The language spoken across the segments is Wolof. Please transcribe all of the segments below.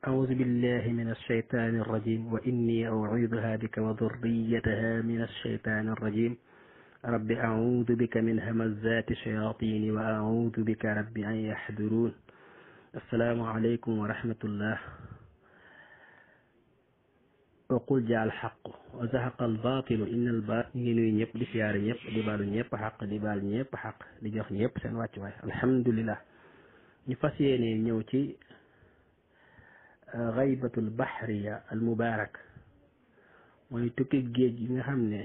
أعوذ بالله من الشيطان الرجيم وإني أعيذها بك وذريتها من الشيطان الرجيم رب أعوذ بك من همزات الشياطين وأعوذ بك رب أن يحضرون السلام عليكم ورحمة الله وقل جاء الحق وزهق الباطل إن الباطل نينوي نيب دي سيار نيب دي بالو نيب حق دي بال نيب حق دي جوخ نيب سن واتي الحمد لله ñu fas yéene ñëw ci xaybatul baxriya al mubaarak mooy tukki géej gi nga xam ne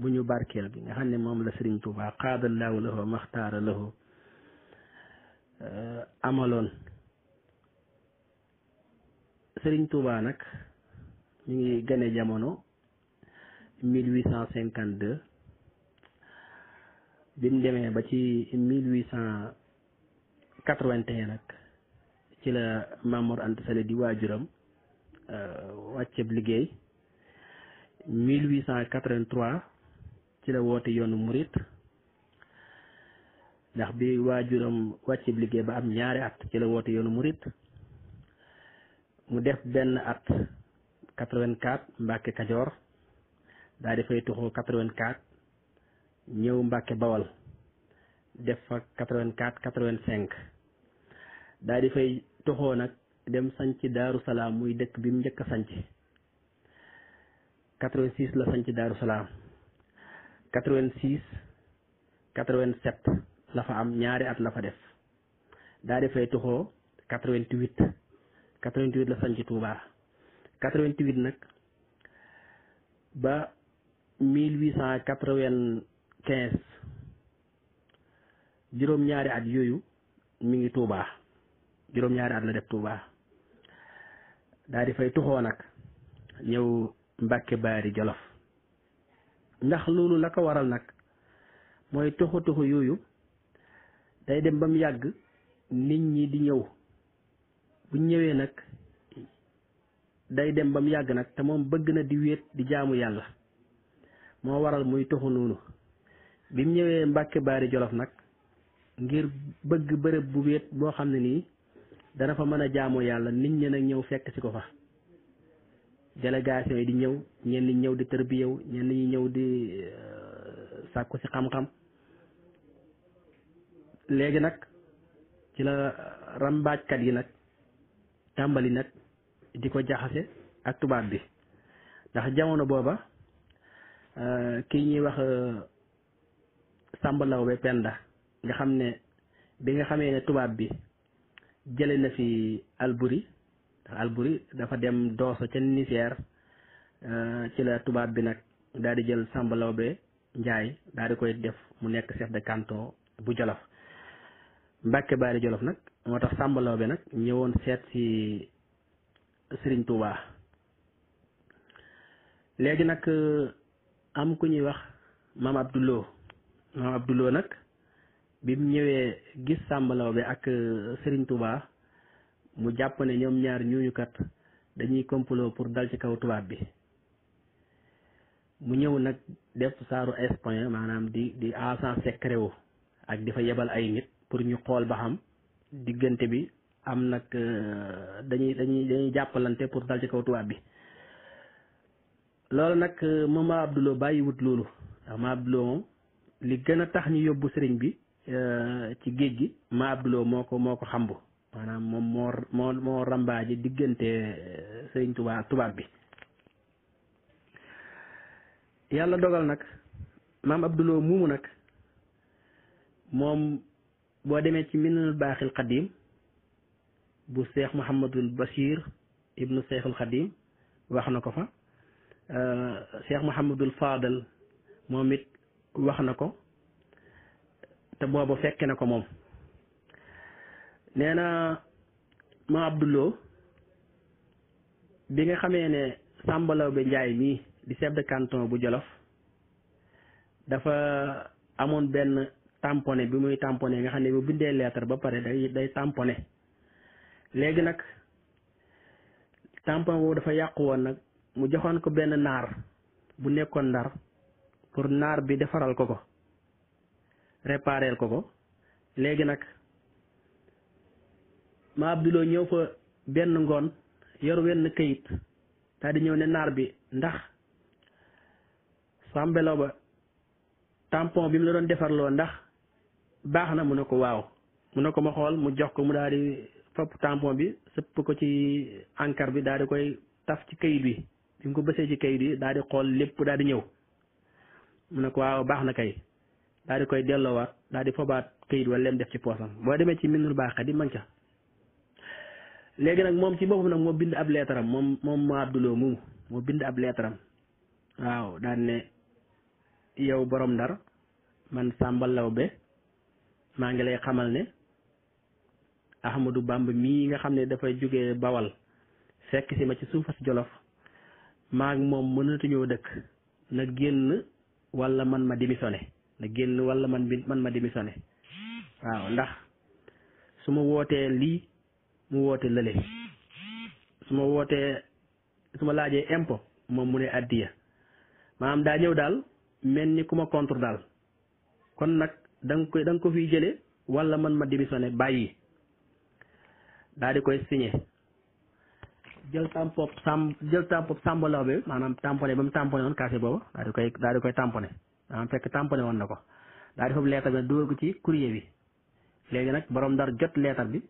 bu ñu barkeel bi nga xam ne moom la sëriñ Tuubaa xaadallaahu lahu maxtaara lahu euh, amaloon sëriñ Tuubaa nag ñu ngi gëne jamono 1852 bi mu demee ba ci 1881 nag ci la Mamour Anta Sali di waajuram euh, wàcceeb liggéey 1883 ci la woote yoonu murit ndax bi waajuram wàcceeb liggéey ba am ñaari at ci la woote yoonu murit mu def benn at 84 Mbàkke Kajoor daal di fay tuxoo 84 ñëw Mbàkke Bawal def fa 84 85 daal di fay toxoo nag dem sanc daaru salaam muy dëkk bi mu njëkk a sanc 86 la sanc daaru salaam 86 87 la fa am ñaari at la fa def daa defay toxoo 88 88 la sanc Touba 88 nag ba 1895 juróom-ñaari at yooyu mi ngi Touba. juróom-ñaari at la def Touba daal fay tuxoo nag ñëw Mbàkke Baari Jolof ndax loolu la ko waral nag mooy tuxu tuxu yooyu day dem ba mu yàgg nit ñi di ñëw bu ñëwee nag day dem ba mu yàgg nag te moom bëgg na di wéet di jaamu yàlla moo waral muy tuxu noonu bi mu ñëwee Mbàkke Baari Jolof nag ngir bëgg bërëb bu wéet boo xam ne nii dana fa mën a jaamoo yàlla nit ñi nag ñëw fekk si ko fa délégation yi di ñëw ñenn ñi ñëw di tërbiyew ñenn ñi ñëw di euh, sàkku ci xam-xam léegi nag ci la euh, rambaajkat yi nag tàmbali nag di ko jaxase ak tubaab bi ndax jamono booba euh, kii ñuy wax Samba Lawbe Penda nga xam ne bi nga xamee ne tubaab bi jële na fi Albouri ndax Albouri dafa dem dooso ca ninisière euh, ci la tubaab bi nag daal di jël Samba Laobé njaay daal di koy def mu nekk chef de kanto bu Jolof Mbàkke Baari Jolof nag moo tax Samba Laobé nag ñëwoon seet si Sëriñ Tuubaa léegi nag euh, am ku ñuy wax maam Abdouloo maam Abdouloo nag bi mu ñëwee gis Samba bi ak euh, Serigne Touba mu jàpp ne ñoom ñaar ñooñu dañuy complot pour dal ci kaw tubaab bi mu ñëw nag def saaru espion maanaam di di agent secret ak di fa yebal ay nit pour ñu xool ba xam diggante bi am nag euh, dañuy dañuy dañuy jàppalante pour dal ci kaw tubaab bi loolu nag euh, Mama Abdoulou bàyyiwut loolu ndax Mama moom li gën a tax ñu yóbbu sëriñ bi Euh, ci géej gi ma abduloo moo ko moo ko xambu maanaam moom moo moo moo ji diggante euh, sëriñ tubaab tubaab bi yàlla dogal nag maam abduloo muumu nag moom boo demee ci minanul baaxil xadim bu seex muhammadul bashir ibnu seexul xadim wax na ko fa euh, seex muhammadul faadal moom it wax na ko te boobu fekke na ko moom nee na ma Abdoulou bi nga xamee ne Samba bi Ndiaye mii di chef de canton bu Jolof dafa amoon benn tamponné bi muy tamponné nga xam ne bu bindee lettre ba pare day day tamponné léegi nag tampon boobu dafa yàqu woon nag mu joxoon ko benn naar bu nekkoon ndar pour naar bi defaral ko ko répareel ko ko léegi nag ma Abdoulaye ñëw fa benn ngoon yor wenn kayit daal di ñëw ne naar bi ndax sàmbelaw ba tempon bi mu la doon defarloo ndax baax na mu ne ko waaw mu ne ko ma xool mu jox ko mu daal di fopp tampon bi sëpp ko ci encre bi daal di koy taf ci kayit bi bi mu ko bësee ci kayit bi daal di xool lépp daal di ñëw mu ne ko waaw baax na kay daal di koy delloowaat daal di foobaat këyit wala leem def ci poosam boo demee ci minul baax xadi man ca léegi nag moom ci boppam nag moo bind ab leetaram moom moom ma abduloo moomu moo bind ab leetaram waaw daan ne yow borom ndar man Samba Lawbe maa ngi lay xamal ne Ahmadou Bamba mii nga xam ne dafay jóge Bawal fekk ma ci suufas Jolof maa moom mënatuñoo dëkk na génn wala man ma démissionné na génn wala man bi man ma démissionné waaw ndax su ma wootee lii mu woote lële su ma wootee su ma laajee impôt moom mu ne addiya maanaam daa ñëw daal mel ni ku ma contre daal kon nag da koy da ko fiy jëlee wala man ma démissionné bàyyi daa di koy signé jël tampon sam jël tampon sàmbalaw bi maanaam tamponné ba mu tamponné woon kaase booba daa di koy daa maanaam fekk tamponné woon na ko daal di fab leetar bi ci courrier bi léegi nag borom ndar jot leetar bi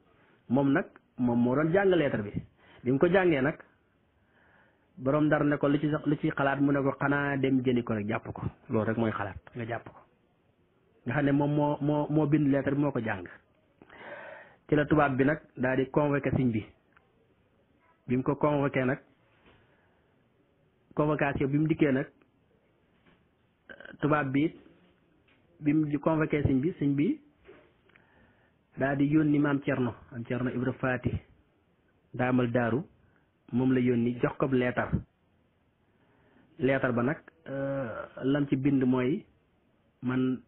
moom nag moom moo doon jàng bi bi mu ko jàngee nag borom ndar ne ko lu ci lu ci xalaat mu ne ko xanaa dem jëli ko rek ko loolu rek mooy xalaat nga jàpp ko nga xam ne moom moo moo moo bind leetar bi moo ko jàng ci la tubaab bi nag daal di convoqué siñ bi bi mu ko convoqué nag convocation bi mu dikkee nag tubaab bi bi mu convoqué sëñ bi sëñ bi daa di yónni maam Cerno maam Cerno Ibra Faati daamal daaru moom la yónni jox ko leetar leetar ba nag euh, lam ci bind mooy man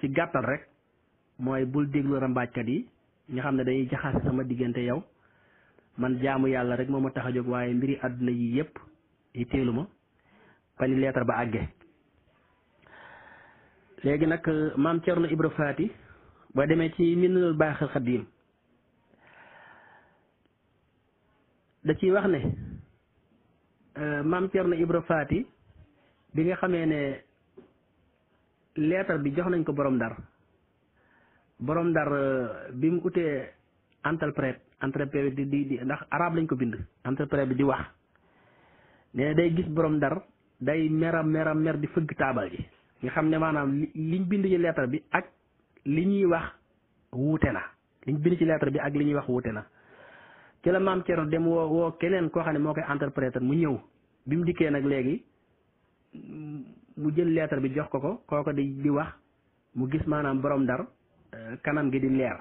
ci gàttal rek mooy bul déglu rambaajkat yi nga xam ne dañuy jaxase sama diggante yow man jaamu yàlla rek moom ma tax a jóg waaye mbiri àdduna yi yépp yi teelu ma fa ni leetar ba àgge léegi nag euh, maam na Ibra Faati boo demee ci Minanul Baaxil Xadiim da ciy wax ne euh, maam Thierno Ibra Faati bi nga xamee ne leetar bi jox nañ ko borom ndar borom ndar euh, bi mu utee interprète interprète bi di di ndax arab lañ ko bind interprète bi di wax nee day gis borom ndar day meram meram mer di fëgg taabal yi nga xam ne maanaam liñ bind ci lettre bi ak li ñuy wax wuute na liñ bind ci lettre bi ak li ñuy wax wuute na ci la maam Thierno dem woo woo keneen koo xam ne moo koy interpréter mu ñëw bi mu dikkee nag léegi mu jël lettre bi jox ko ko kooko di di wax mu gis maanaam boroom ndar euh, kanam gi di leer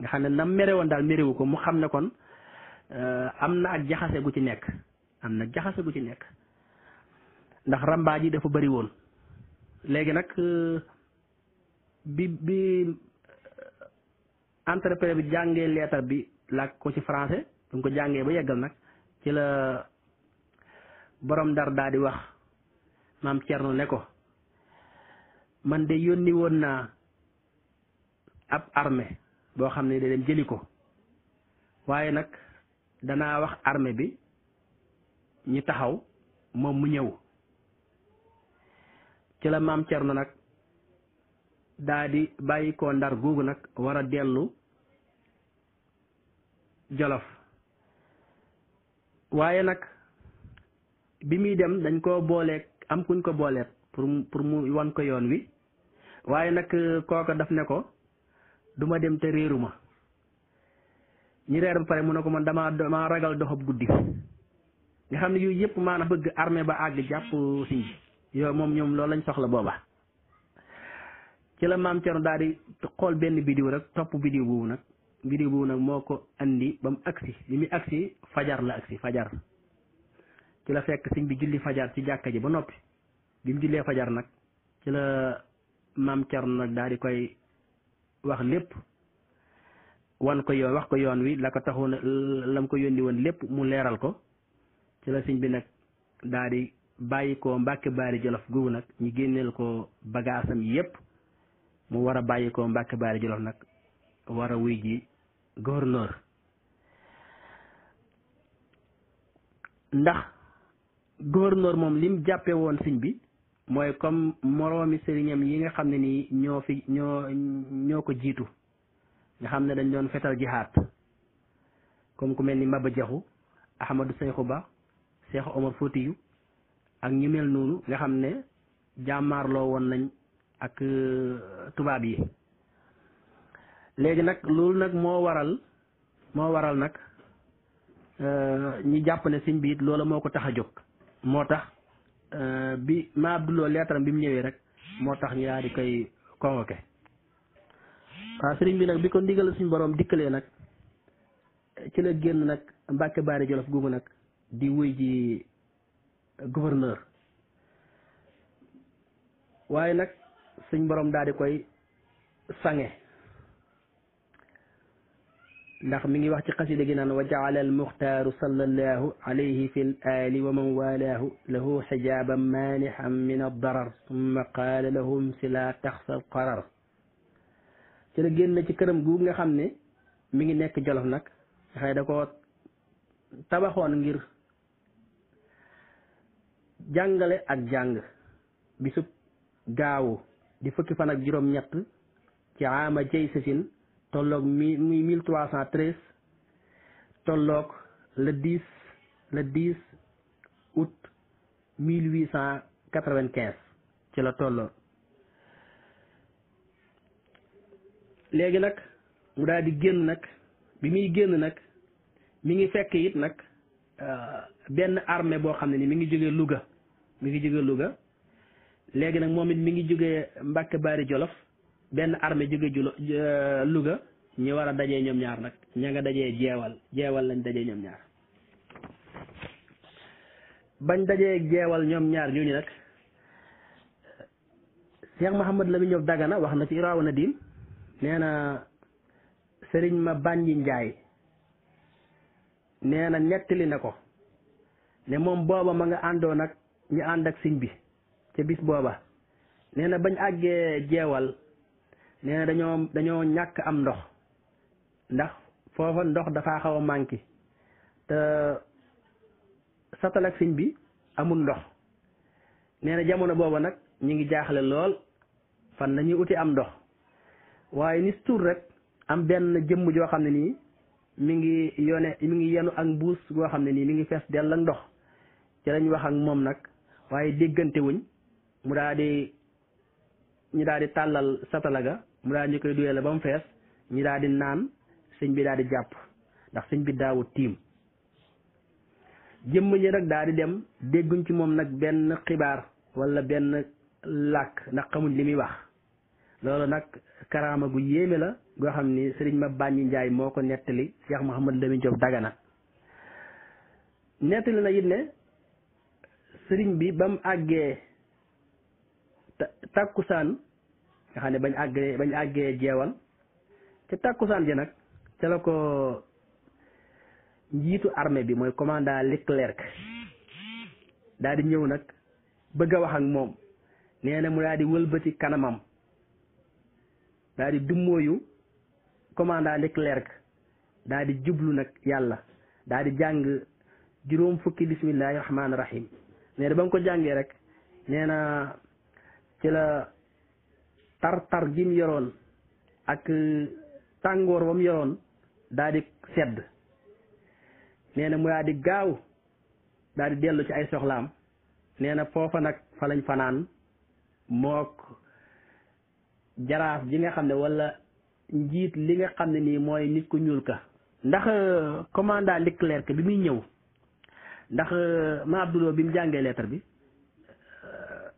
nga xam ne na merewoon daal merewu ko mu xam ne kon euh, am na ak jaxase gu ci nekk am na jaxase gu ci nekk ndax rambaa yi dafa bari woon léegi nag euh, bi bi euh, entrepreneur bi jàngee leetar bi làkk ko ci français bu ko jàngee ba yeggal nag ci la boroom dar daa di wax maam Thierno ne ko man de yónni woon naa ab armée boo xam ne da dem jëli ko waaye nag danaa wax armée bi ñu taxaw moom mu ñëw ci la maam Cerno nag daadi di bàyyi ko ndar googu nag war a dellu jolof waaye nag bi muy dem dañ ko booleeg am kuñ ko booleeg pour mu pour mu wan ko yoon wi waaye nag euh, kooka daf ne ko duma dem te réeru ma ñi reer ba pare mu ne ko man dama damaa ragal doxab guddi nga xam ne yooyu yëpp maanaam bëgg armée ba àgg jàpp si yow moom ñoom loolu lañ soxla booba ci la maam Cerno daal di xool benn bidiw rek topp bidiw boobu nag bidiw boobu nag moo ko andi ba mu agsi li muy agsi fajar la agsi fajar ci la fekk sëñ bi julli fajar ci jàkka ji ba noppi bi mu jullee fajar nag ci la maam Cerno nag daal di koy wax lépp wan ko yoon wax ko yoon wi la ko taxoon lam ko yónni woon lépp mu leeral ko ci la sëñ bi nag daal di bàyyi ko Mbàkke Baari Jolof googu nag ñu génneel ko bagaasam yépp mu war a bàyyi ko Mbàkke Baari Jolof nag war a wuy ji gouverneur ndax gouverneur moom lim jàppe woon sëñ bi mooy comme moroomi sëriñam yi nga xam ne nii ñoo fi ñoo ñoo ko jiitu nga xam ne dañ doon fetal jihaat comme ku mel ni Maba Jaxu Ahmadou Seexu Ba Seexu Omar Foutiyu ak ñu mel noonu nga xam ne jàmmaarloo woon nañ ak euh, tubaab yi léegi nag loolu nag moo waral moo waral nag euh, ñi jàpp ne sëñ bi it loola moo ko tax a jóg moo tax euh, bi ma Abdouloo leetaram bi mu ñëwee rek moo tax ñu daal di koy convoqué waaw sëriñ bi nag bi ko ndigal suñ borom dikkalee nag ci la génn nag Mbàkke Baari Jolof googu nag di wuy ji gouverneur waaye nag suñ borom daal koy sange ndax mi ngi wax ci xasida gi naan wa jaala almuxtaaru sallallahu alayhi fi l aali wa man walaahu lahu xijaaban maanixan min addarar summa qaala lahum si laa taxsa qarar ci la génn ci këram gu nga xam ne mi ngi nekk jolof nag xëy da ko tabaxoon ngir jàngale ak jàng bisub gaawu di fukki fan ak juróom-ñett ci ama jey sasin tolloog mi muy trois cent treize tollook le dix le dix août mille huit cent quatre-vingt-quinze ci la tolloo léegi nag mu daal génn nag bi muy génn nag mu ngi fekk it nag euh, benn armée boo xam ne ni mi ngi jógee Louga mi ngi jóge Louga léegi nag moom it mi ngi jóge Mbàkke Baari Jolof benn armée jóge jula euh, Louga ñu war a dajee ñoom ñaar nag ña nga dajee jeewal jeewal lañ dajee ñoom ñaar bañ dajee jeewal ñoom ñaar ñooñu nag Cheikh Mouhamad Lamine Diop Dagana wax na ci Iraawu Nadim nee na sëriñ ma bànji njaay nee na nettali na ko ne moom booba ma nga àndoon ak ñu ànd ak sëñ bi ca bis booba nee na bañ àggee jeewal nee dañoo dañoo ñàkk am ndox ndax foofa ndox dafa xaw a manqué te satal ak sëñ bi amul ndox nee na jamono booba nag ñu ngi jaaxle lool fan la ñuy uti am ndox waaye ni tur rek am benn jëmm joo xam ne nii mu ngi yone mi ngi yenu ak mbuus goo xam ne nii mi ngi fees dell ak ndox ci lañ wax ak moom nag waaye déggantewuñ mu daa di ñu daa di tàllal satala mu daa ñu koy duyee la ba mu fees ñu daa di naan sëñ bi daa di jàpp ndax sëñ bi daawut tiim jëmm ñi nag daa di dem dégguñ ci moom nag benn xibaar walla benn làkk ndax xamuñ li muy wax loolu nag karaama gu yéeme la goo xam ni sëriñ ma bàññi njaay moo ko nettali Cheikh Mouhamad Lamine Diop Dagana nettali na it ne sëriñ bi ba mu àggee tàkkusaan nga xam ne bañ àggee bañ àggee jeewal ca tàkkusaan ji nag ca la ko njiitu armée bi mooy commandant Leclerc daal di ñëw nag bëgg a wax ak moom nee na mu daal wëlbati kanamam daal di dummóoyu commandant Leclerc daal di jublu nag yàlla daal di jàng juróom fukki bismillahi rahmaani rahim nee na ba mu ko jàngee rek nee na ci la tar-tar gi mu yoroon ak euh, tàngoor ba mu yoroon daa di sedd nee na mu di gaaw daa di dellu ci ay soxlaam nee na foofa nag fa lañ fanaan mook jaraaf ji nga xam ne walla njiit li nga xam ne nii mooy nit ku ñuul ka ndax euh, commandant Leclerc bi muy ñëw ndax euh, ma abduloo bi mu jàngee lettre bi euh,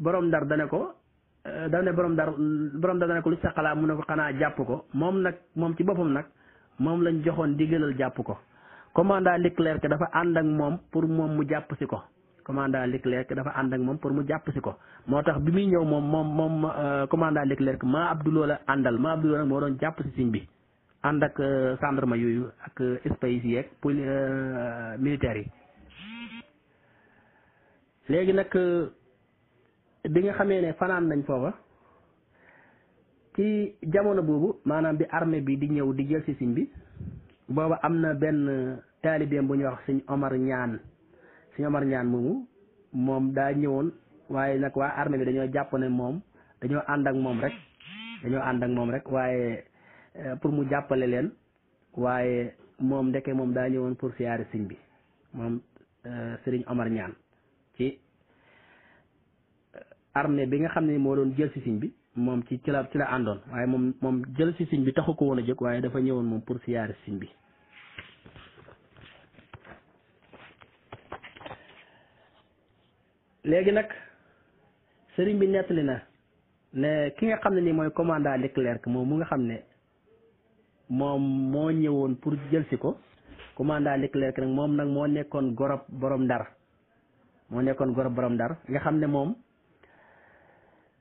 boroom ndar dane ko euh, daf ne borom ndar borom ndar dane ko lu saqalaa mu ne ko xanaa jàpp ko moom nag moom ci boppam nag moom lañ joxoon digalal jàpp ko commandant Leclerc dafa ànd ak moom pour moom mu jàpp si ko commandant Leclerc dafa ànd ak moom pour mu jàpp si ko moo tax bi muy ñëw moom moom moom commandant Leclerc maa abduloo la àndal maa abduloo nag moo doon jàpp si siñ bi ànd ak euh, gendarme yooyu ak euh, espace yeeg poli euh, militaires yi léegi nag bi nga xamee ne fanaan nañ foofa ci jamono boobu maanaam bi armée bi di ñëw di jël si siñ bi booba am na benn taalibeem bu ñuy wax suñ Omar ñaan suñ Omar ñaan moomu moom daa ñëwoon waaye nag waa armée bi dañoo jàpp ne moom dañoo ànd ak moom rek dañoo ànd ak moom rek waaye Euh, pour mu jàppale leen waaye moom ndeke moom daa ñëwoon pour siyaare sëñ bi moom euh, sëriñ Omar ñaan ci euh, armée bi nga xam ne moo doon jël si sëñ bi moom ci ci la ci la àndoon waaye moom moom jël si sëñ bi taxu ko woon a jóg waaye dafa ñëwoon moom pour siyaare sëñ bi léegi nag sëriñ bi nettali na ne ki nga xam ne ni mooy commandant Leclerc moom mu nga xam ne moom moo ñëwoon pour jël si ko commandant Leclerc nag moom nag moo nekkoon gorob borom ndar moo nekkoon gorob borom ndar nga xam ne moom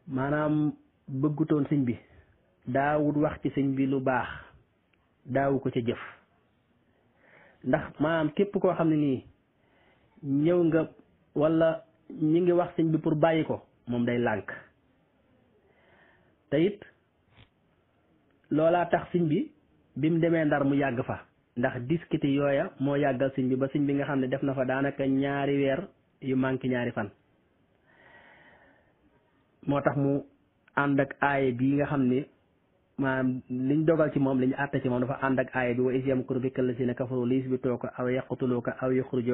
maanaam bëggutoon siñ bi daawut wax ci sëñ bi lu baax daawu ko ca jëf ndax maanaam képp koo xam ne nii ñëw nga walla ñu ngi wax sëñ bi pour bàyyi ko moom day lànk te loolaa tax sëñ bi bi mu demee ndar mu yàgg fa ndax discuter yooya moo yàggal sëñ bi ba sëñ bi nga xam ne def na fa daanaka ñaari weer yu manqué ñaari fan moo tax mu ànd ak aaya bii nga xam ne maanaam liñ dogal ci moom liñ àtte ci moom dafa ànd ak aaya bi wa is yamkuru bika llazina kafaru li yusbituuka aw yaqtuluuka aw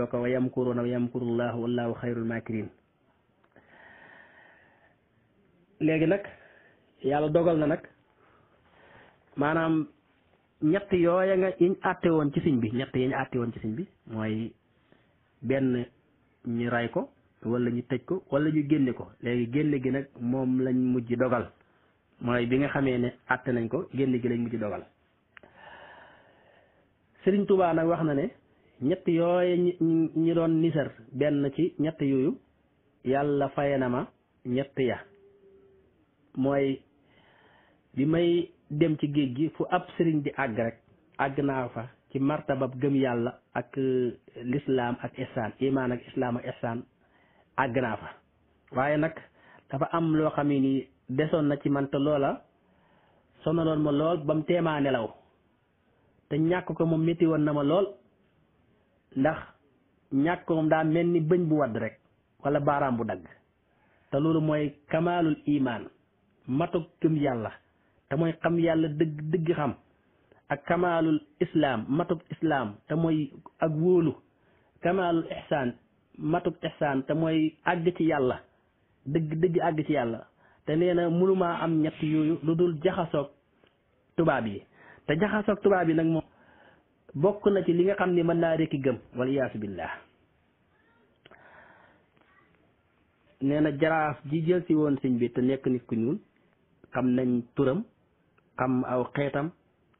ko wa yamkuruuna wa yamkurullahu wallahu xayrul makirin léegi nag yàlla dogal na nag maanaam ñett yooya nga yiñ àtte woon ci siñ bi ñett yi ñu àtte woon ci siñ bi mooy benn ñu ray ko wala ñu tëj ko walla ñu génne ko léegi génne gi nag moom lañu mujj dogal mooy bi nga xamee ne àtte nañ ko génne gi lañ mujj dogal Sëriñ Tuubaa wax na ne ñett yooya ñi doon nisar benn ci ñett yooyu yàlla faye na ma ñett ya mooy bi may dem ci géej gi fu ab sëriñ di àgg rek àgg naa fa ci martabab gëm yàlla ak euh, lislaam ak ihsaan imaan ak islaam ak ihsaan àgg naa fa waaye nag dafa am loo xam ne nii desoon na ci man te loola sonaloon ma lool ba mu teemaa nelaw te ñàkk ko moom métti woon na ma lool ndax ñàkk ko moom daa mel ni bëñ bu wadd rek wala baaraam bu dagg te loolu mooy kamaalul imaan matuk gëm yàlla te mooy xam yàlla dëgg dëgg xam ak kamaalul islaam matub islaam te mooy ak wóolu kamaalul ihsaan matub ihsaan te mooy àgg ci yàlla dëgg dëgg àgg ci yàlla te nee na mënumaa am ñett yooyu lu dul jaxasoog tubaab yi te jaxasoog tubaab yi nag moom bokk na ci li nga xam ni mën naa rekki gëm wala iyaasu billah nee na jaraaf ji jël si woon sëñ bi te nekk nit ku ñuul xam nañ turam xam aw xeetam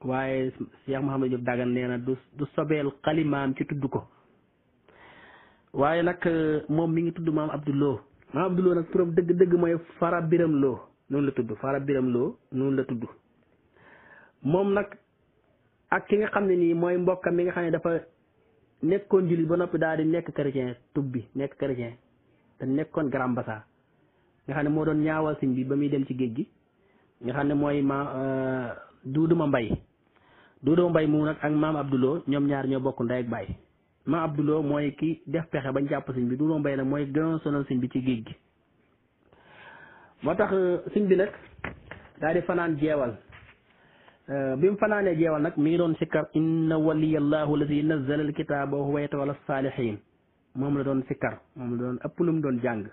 waaye Cheikh Mouhamed Diop Dagana nee na du du sobeel xalimaam ci tudd ko waaye nag euh, moom mi ngi tudd maam Abdou Lo maam Abdou Lo nag turam dëgg dëgg mooy Fara Biram Lo noonu la tudd Fara Biram noonu la tudd moom nag ak ki nga xam ne nii mooy mbokkam mi nga xam ne dafa nekkoon jullit ba noppi daal di nekk chrétien tub bi nekk chrétien te nekkoon Grand Bassam nga xam ne moo doon ñaawal siñ bi ba muy dem ci géej gi nga xam ne mooy ma euh, duuduma mbay duuduma mbay mu nag ak maam abduloo ñoom ñaar ñoo bokk ndey ak baay maam abduloo mooy ki def pexe bañ jàpp sëñ bi duuduma mbay nag mooy gënoon sonal sëñ bi ci géej gi moo tax euh, sëñ bi nag daal di fanaan jeewal euh, bi mu fanaanee jeewal nag mi ngi doon sikkar inna waliyallahu lazi nazzala alkitaaba wa huwa yatawalla saalihin moom la doon sikkar moom la doon ëpp lu mu doon jàng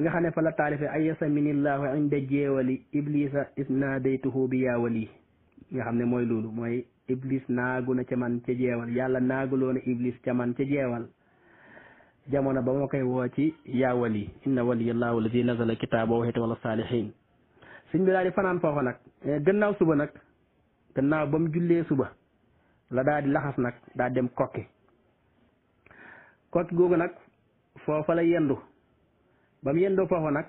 nga xam ne fa la taalife ay yasaminillahu inda jeewali iblisa isnaadaytuhu bi yaawali nga xam ne mooy loolu mooy iblis naagu na ca man ca jeewal yàlla naaguloo na iblis ca man ca jeewal jamono ba moo koy woo ci yaawali inna waliyallahu alladi nazala kitaaba wa hitam ala saalihin sëñ bi daal di fanaan foofa nag eh, gannaaw suba nag gannaaw ba mu jullee suba la daal di laxas nag daal dem kokki kokki googu nag foofa la yendu ba mu yendoo foofa nag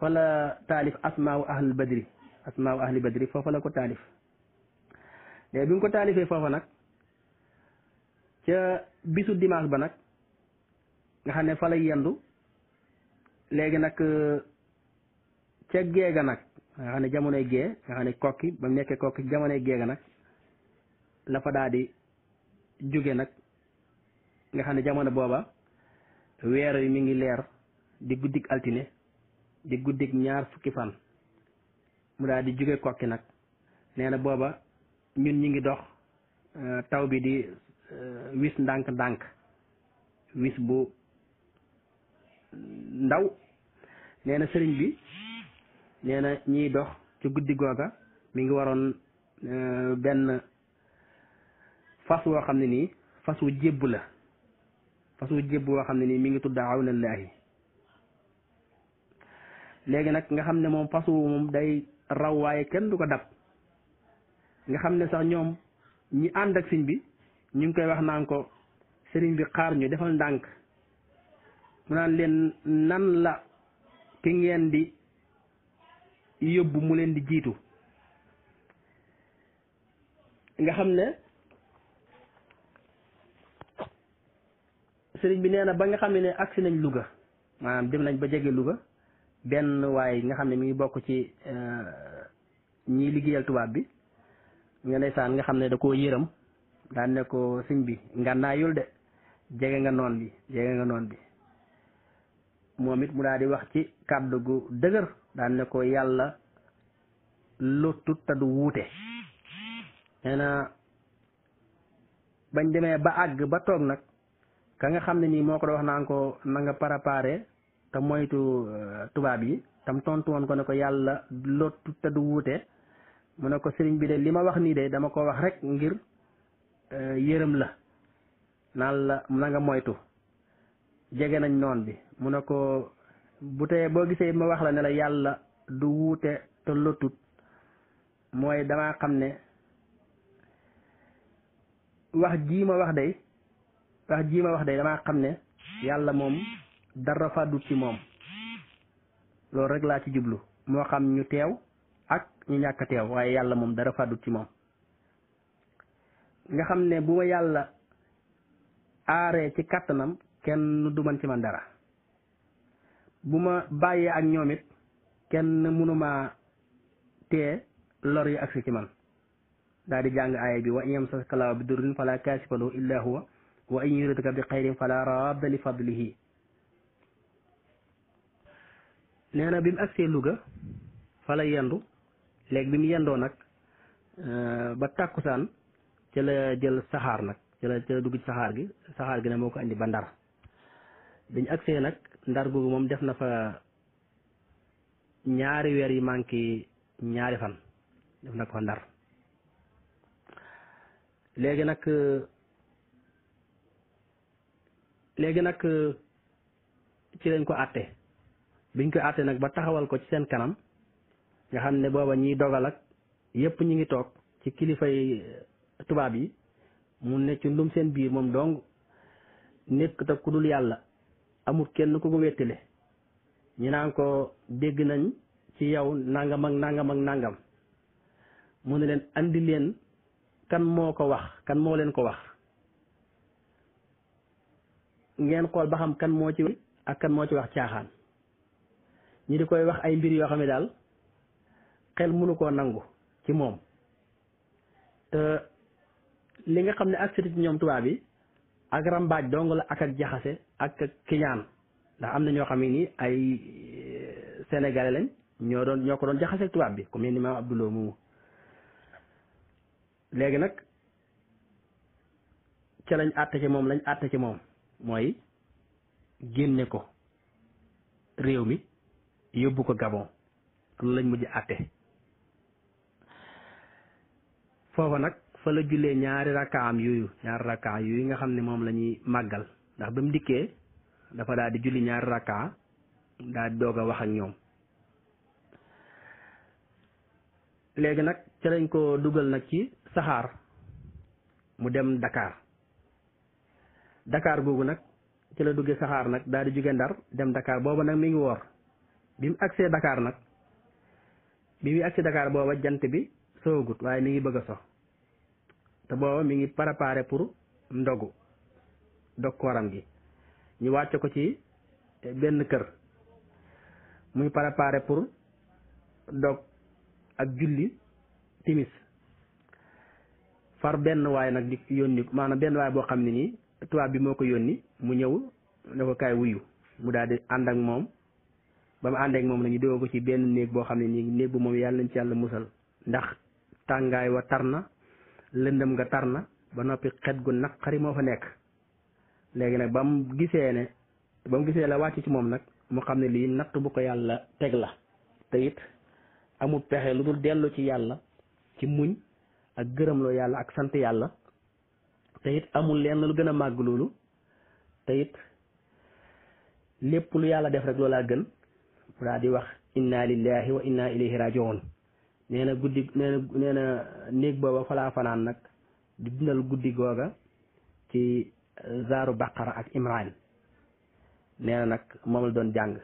fa la taalif asmaawu ahli badri asmaawu ahli badri foofa la ko taalif léegi bi mu ko taalifee foofa nag ca bisu dimanche ba nag nga xam ne fa la yendu léegi nag euh, ca géega nag nga xam ne jamonoy gée nga xam ne kokki ba mu nekkee kokki jamonoy géega nag la fa daal di jóge nag nga xam ne jamono booba weer wi mi ngi leer di guddik altine di guddik ñaar fukki fan mu daal di jóge kokki nag nee na booba ñun ñi ngi dox euh, taw bi di euh, wis ndànk-ndànk wis bu ndaw neena sëriñ bi nee na dox ci guddi googa mi ngi waroon euh, benn fas woo xam ne nii fas wu jébb la fas wu jébb woo xam ne nii mi ngi na tudd yi léegi nag nga xam ne moom fas wu moom day raw waaye kenn du ko dab nga xam ne sax ñoom ñi ànd ak bi ñu ngi koy wax naan sëriñ bi xaar ñu defal ndànk mu leen nan la ngeen di yóbbu mu leen di jiitu nga xam ne sëriñ bi nee na ba nga xam ne agsi nañ Louga maanaam dem nañ ba jege luga benn waaye nga xam ne mi ngi bokk ci euh, ñiy liggéeyal tubaab bi nga ndeysaan nga xam ne da ko yërëm daan ko sëñ bi ngànnaayul de jege nga noon bi jege nga noon bi moom it mu daal di wax ci kàddu gu dëgër daan ko yàlla lottut te du wuute nee na bañ demee ba àgg ba toog nag ka nga xam ne nii moo ko doon wax naan ko nanga nga te moytu euh, tubaab yi tam tontu woon ko ne ko yàlla lottu te du wuute mu ne ko sëriñ bi de li ma wax nii de dama ko wax rek ngir euh, yërëm la naan la na moytu jege nañ noon bi mu ne ko bu tee boo gisee ma wax la ne la yàlla du wuute te lotut mooy damaa xam ne wax jii ma wax day wax jii ma wax day damaa xam ne yàlla moom dara fàddu ci moom loolu rek laa ci jublu moo xam ñu teew ak ñu ñàkk teew waaye yàlla moom dara fàddu ci moom nga xam ne bu ma yàlla aare ci kàttanam kenn du man ci man dara bu ma bàyyee ak ñoom it kenn mënuma tee lor yi agsi ci man daal di jàng aaya bi wa in yamsaska laahu bi durrin fala kaashifa lahu illa huwa wa in bi xayrin fala raadda li nee bi mu agsee Louga fa la yendu léegi bi mu yendoo nag euh, ba tàkkusaan ca la jël saxaar nag ca la ca la ci saxaar gi saxaar gi ne moo ko indi ba ndar biñ agsee nag ndar googu moom def na fa ñaari weer yi manqué ñaari fan def na ko fa ndar léegi nag euh, léegi nag euh, ci lañ ko àtte biñ koy àttee nag ba taxawal ko ci seen kanam nga xam ne booba ñiy dogal ak yépp ñu ngi toog ci kilifay eh, tubaab yi mu ne ci seen biir moom dong nekkut ak ku dul yàlla amul kenn ku ko wettile ñu naan ko dégg nañ ci yow nangam ak nangam ak nangam mu ne leen andi leen kan moo ko wax kan moo leen ko wax ngeen xool ba xam kan moo ci ak kan moo ci wax caaxaan ñi di koy wax ay mbir yoo xam ne daal xel mënu koo nangu ci moom li nga xam ne ak ci ñoom tubaab yi ak rambaaj dong la ak ak jaxase ak ak kiñaan ndax am na ñoo xam ne nii ay euh, sénégalais lañ ñoo doon ñoo ko doon jaxase ak tubaab bi comme ni maam Abdoulaye moomu léegi nag ca lañ àtte ci moom lañ àtte ci moom mooy génne ko réew mi yóbbu ko Gabon loolu lañ mujj àtte foofa nag fa la jullee ñaari rakkaam yooyu ñaari rakkaam yooyu nga xam ne moom la ñuy màggal ndax ba mu dikkee dafa daal di julli ñaari rakkaa daal di doog a wax ak ñoom léegi nag ci lañ ko dugal nag ci saxaar mu dem Dakar Dakar googu nag ci la duggee saxaar nag daal di jóge Ndar dem Dakar booba nag mi ngi woor bi mu agsee Dakar nag bi mu agsi Dakar booba jant bi soogut waaye mi ngi bëgg a sox te booba mi ngi préparé pour ndogu dog kooram gi ñu wàcce ko ci benn kër muy préparé pour dog ak julli timis far benn waay nag di yónni maanaam benn waay boo xam ne nii tubaab bi moo ko yónni mu ñëw ne ko kaay wuyu mu daal ànd ak moom ba mu ànd moom la ñu doo ko ci benn néeg boo xam ne nii néeg bu moom yàlla nañ ci yàlla musal ndax tàngaay wa tar na lëndëm nga tar na ba noppi xet gu naqari moo fa nekk léegi nag ba mu gisee ne ba mu gisee la wàcc ci moom nag mu xam ne lii natt bu ko yàlla teg la te it amul pexe lu dul dellu ci yàlla ci muñ ak gërëmloo yàlla ak sant yàlla te it amul leen lu gën a màgg loolu te lépp lu yàlla def rek loolaa gën mu di wax inna lillahi wa inna ilayhi rajiun nee guddi nee néeg booba falaa fanaan nag di dundal guddi googa ci zaaru baqara ak imran nee na nag moom la doon jàng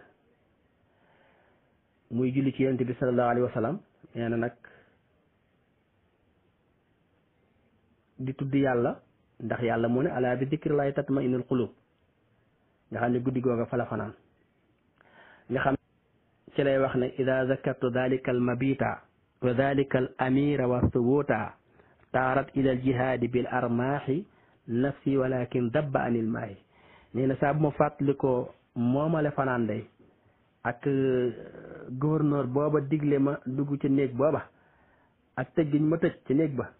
muy julli ci yonent bi sallallahu alayhi di tudd yàlla ndax yàlla mu ne ala bi dikrillahi tatma innul qulub nga xam ne guddi googa fala fanaan nga xam ci lay wax ne ida zakartu dalika al mabita wa dalika al amira wa thubuta taarat ila al jihaadi bil armaahi nafsi walakin dabba anil maahi nee na saa bu ma moomale fanaan day ak euh, gouverneur booba digle ma dugg ci néeg booba ak tëj gi ñu ma tëj ci néeg ba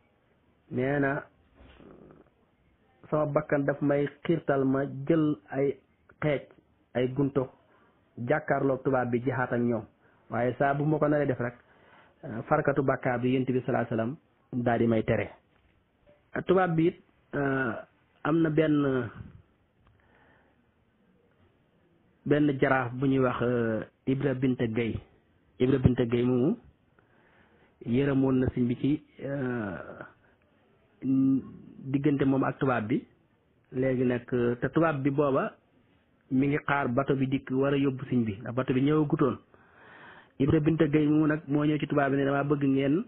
nee na sama bakkan daf may xiirtal ma jël ay xeej ay gunto jàkkaarloog tubaab bi jihaat ak ñoom waaye saa bu ma ko naree def rek euh, farkatu bàkkaar bi yent bi salaa salaam daal di may tere tubaab bi it euh, am na benn benn jaraaf bu ñuy wax euh, Ibra Binta Gueye Ibra Binta Gueye moomu yërëmoon na sëñ bi ci diggante moom ak tubaab bi léegi nag te tubaab bi booba mi ngi xaar bato bi dikk war a yóbbu siñ bi ndax bato bi ñëwagutoon Ibra Binta Gueye moomu nag moo ñëw ci tubaab bi ne damaa bëgg ngeen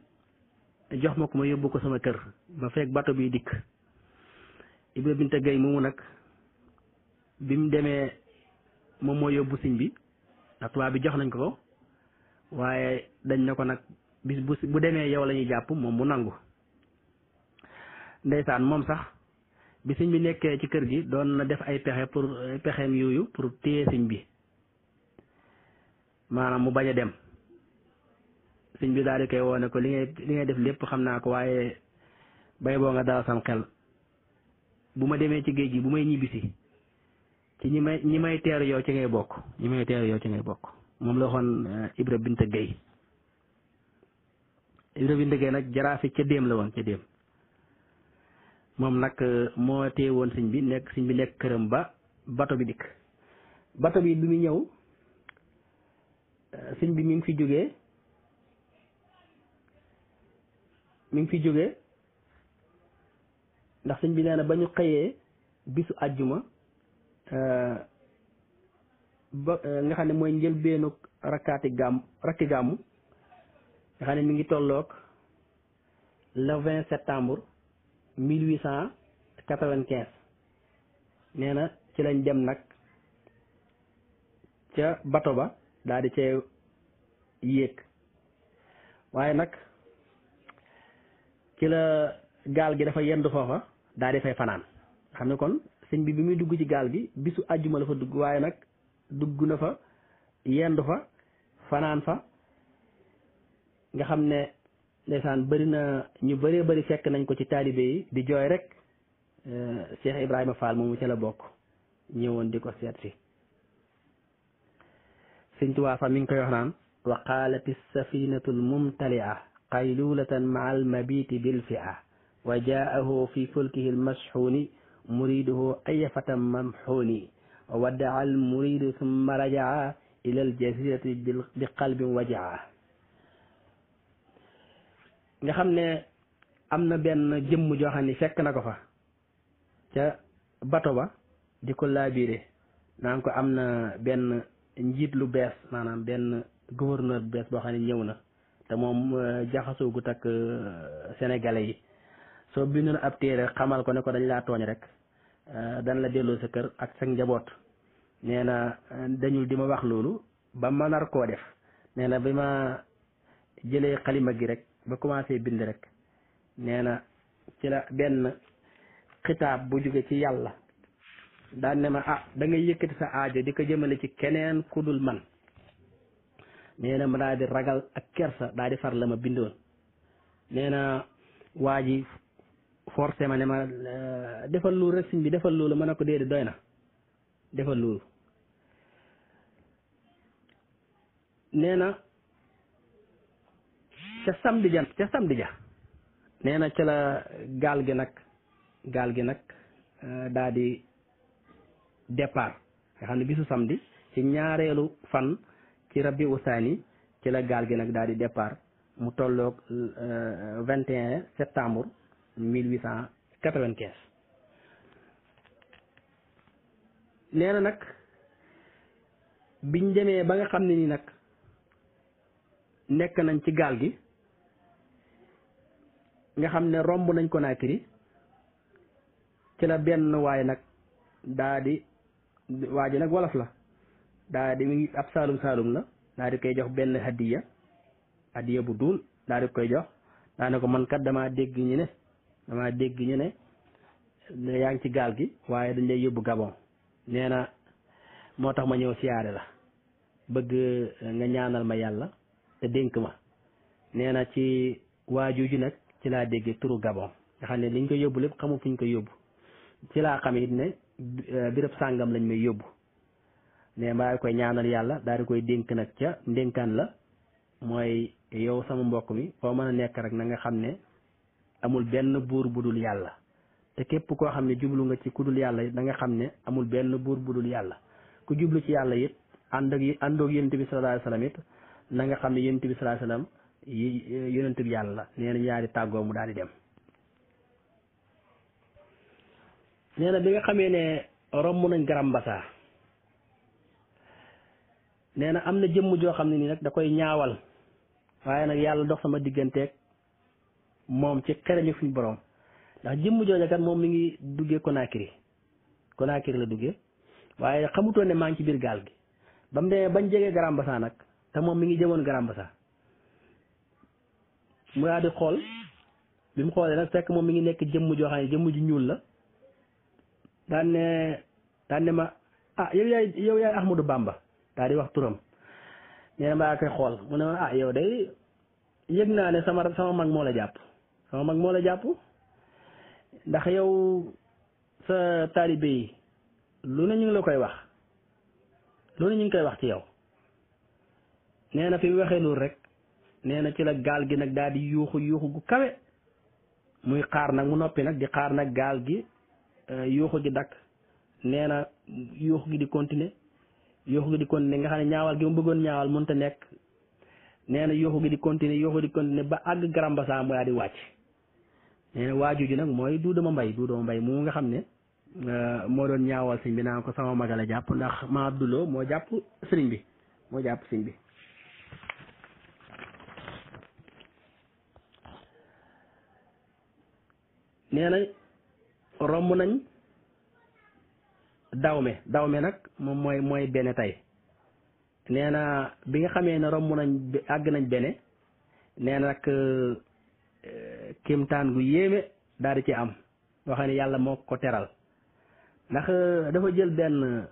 jox ma ko ma yóbbu ko sama kër ma bato bi dikk Ibra Binta Gueye moomu nag bi mu demee moom moo yóbbu siñ bi ndax tubaab bi jox nañ ko ko waaye dañ ne ko nag bis bu bu demee yow lañuy ñuy jàpp moom mu nangu ndeysaan moom sax bi sëñ bi nekkee ci kër gi doon na def ay pexe pour eh, pexeem yooyu pour téye sëñ bi maanaam mu bañ dem sëñ bi daal di koy woone ko li ngay li ngay def lépp xam naa ko waaye bay boo nga dala xel bu ma demee ci géej gi bu may ñibbisi ci ñi may ñi may teeru yow ci ngay bokk ñi may teeru yow ci ngay bokk moom la waxoon eh, Ibra Binta Gueye Ibra Binta Gueye nag jaraafi ca déem la woon ca déem moom nag euh, moo téye woon bi nekk sëñ bi nekk këram ba bato bi dikk bato bi bi mu ñëw euh, sëñ bi mu ngi fi jógee mi ngi fi jóge ndax sëñ bi nee na ba ñu xëyee bisu àjjuma euh, ba nga xam ne mooy njëlbeenu rakkaati gàmm rakki gàmm nga xam ne mi ngi tollook le vingt septembre mille huit cent nee na ci lañ dem nag ca bato ba daal di yéeg waaye nag ci la gaal gi dafa yendu foofa daal di fay fanaan xam ne kon sëñ bi bi muy dugg ci gaal gi bisu àjjuma la fa dugg waaye nag dugg na fa yendu fa fanaan fa nga xam ne ndeysaan bëri na ñu bëree bëri fekk nañ ko ci taalibe yi di jooy rek euh, Cheikh Ibrahima Fall moomu ca la bokk ñëwoon di ko seet si sëñ Tuubaa fa mi ngi koy wax naan wa qaalati safinatu almumtalia qaylulatan maa almabiti bilfia wa jaahu fi fulkihi almasxuuni muriduhu ayafatan mamxuuni wa waddaa almuridu summa rajaa ila aljazirati bi qalbin wajaa nga xam ne am na benn jëmm joo xam ne fekk na ko fa ca bato ba di ko laabiire naan ko am na benn njiit lu bees maanaam benn gouverneur bu bees boo xam ne ñëw na te moom euh, jaxasoo gu takk euh, sénégalais yi soo bindoon ab téere xamal ko ne ko dañ laa tooñ rek euh, dañ la delloo sa kër ak sa njaboot nee na dañul di ma wax loolu ba ma nar koo def nee na bi ma jëlee xalima gi rek ba commencé bind rek nee na ci la benn xitaab bu jóge ci yàlla daan ne ma ah da ngay yëkkati sa aajo di ko jëmale ci keneen ku man nee na ma daal di ragal ak kersa daal di far la ma bindoon nee na waa ji forcé ma ne ma euh, defal loolu rek siñ bi defal la ma na ko déedéet doy na defal loolu nee ca samedi ja ca samedi ja nee na la gaal gi nag gaal gi nag euh, daa di départ nga xam ne bisu samedi ci ñaareelu fan ci rabi usani ci la gaal gi nag daal di départ mu tolloog euh, vingt et un septembre mille huit cent nag biñ demee ba nga xam ne ni nag nekk nañ ci gaal gi nga xam ne romb nañ ko naakiri ci la benn waay nag daa di waa ji nag wolof la daa di mi ab saalum saalum la daa di koy jox benn hadiya hadiya bu duun daa di koy jox daa ne ko man kat damaa dégg ñu ne dama dégg ñu ne yaa ngi ci gaal gi waaye dañ lay yóbbu Gabon nee na moo tax ma ñëw siyaare la bëgg nga ñaanal ma yàlla te dénk ma nee na ci waaju ji nag ci laa déggee turu Gabon nga xam ne liñ ko yóbbu lépp xamu fuñ koy yóbbu ci laa xam it ne euh, birëb sàngam lañ may yóbbu ne maa koy ñaanal yàlla daal di koy dénk nag ca ndénkaan la mooy yow sama mbokk mi foo mën a nekk rek na nga xam ne amul benn buur bu dul yàlla te képp koo xam ne jublu nga ci ku dul yàlla it da nga xam ne amul benn buur bu dul yàlla ku jublu ci yàlla it ànd ak àndoog yonent bi sallallahu alayhi wasallam it na nga xam ne yonent bi sallallahu alayhi yonent bi yàlla la neena ñaari tàggoo mu daal di dem nee na bi nga xamee ne romb nañ garam basaa nee na am na jëmm joo xam ne nii nag da koy ñaawal waaye nag yàlla dox sama digganteeg moom ci xereñu suñu borom ndax jëmm jooja kat moom mi ngi duggee Conakry Conakry la duggee waaye xamutoon ne maa ngi ci biir gaal gi ba mu demee bañ jegee garam nag te moom mi ngi jëmoon garam mu daal di xool bi mu xoolee nag fekk moom mi ngi nekk jëmm joo xam ne jëmm ju ñuul la daan ne daan ne ma ah yow yaay yow yaay Ahmadou Bamba daal di wax turam nee na maa koy xool mu ne ma ah yow de yëg naa ne sama sama mag moo la jàpp sama mag moo la jàpp ndax yow sa taalibe yi lu ñu ngi la koy wax loolu ñu ngi koy wax ci yow nee na fi waxee loolu rek nee na ci la gaal gi nag daal di yuuxu yuuxu gu kawe muy xaar nag mu noppi nag di xaar nag gaal gi euh, yuuxu gi dakk nee na yuuxu gi di continuer yuuxu gi di continuer nga xam ne ñaawal gi mu bëggoon ñaawal mënut a nekk nee na yuuxu gi di continuer yuuxu di continuer ba àgg Garambasa mu daal di wàcc nee na waaju ji nag mooy duudama mbay duudama mbay mu nga xam ne euh, moo doon ñaawal sëñ bi naan ko sama magala jàpp ndax ma abduloo moo jàpp sëriñ bi moo jàpp sëriñ bi nee romb nañ dawme dawme nag moom mooy mooy bene tey nee na bi nga xamee ne romb nañ àgg nañ bene nee nag nag euh, kimtaan gu yéeme daal di ci am boo xam ne yàlla moo ko teral ndax euh, dafa jël benn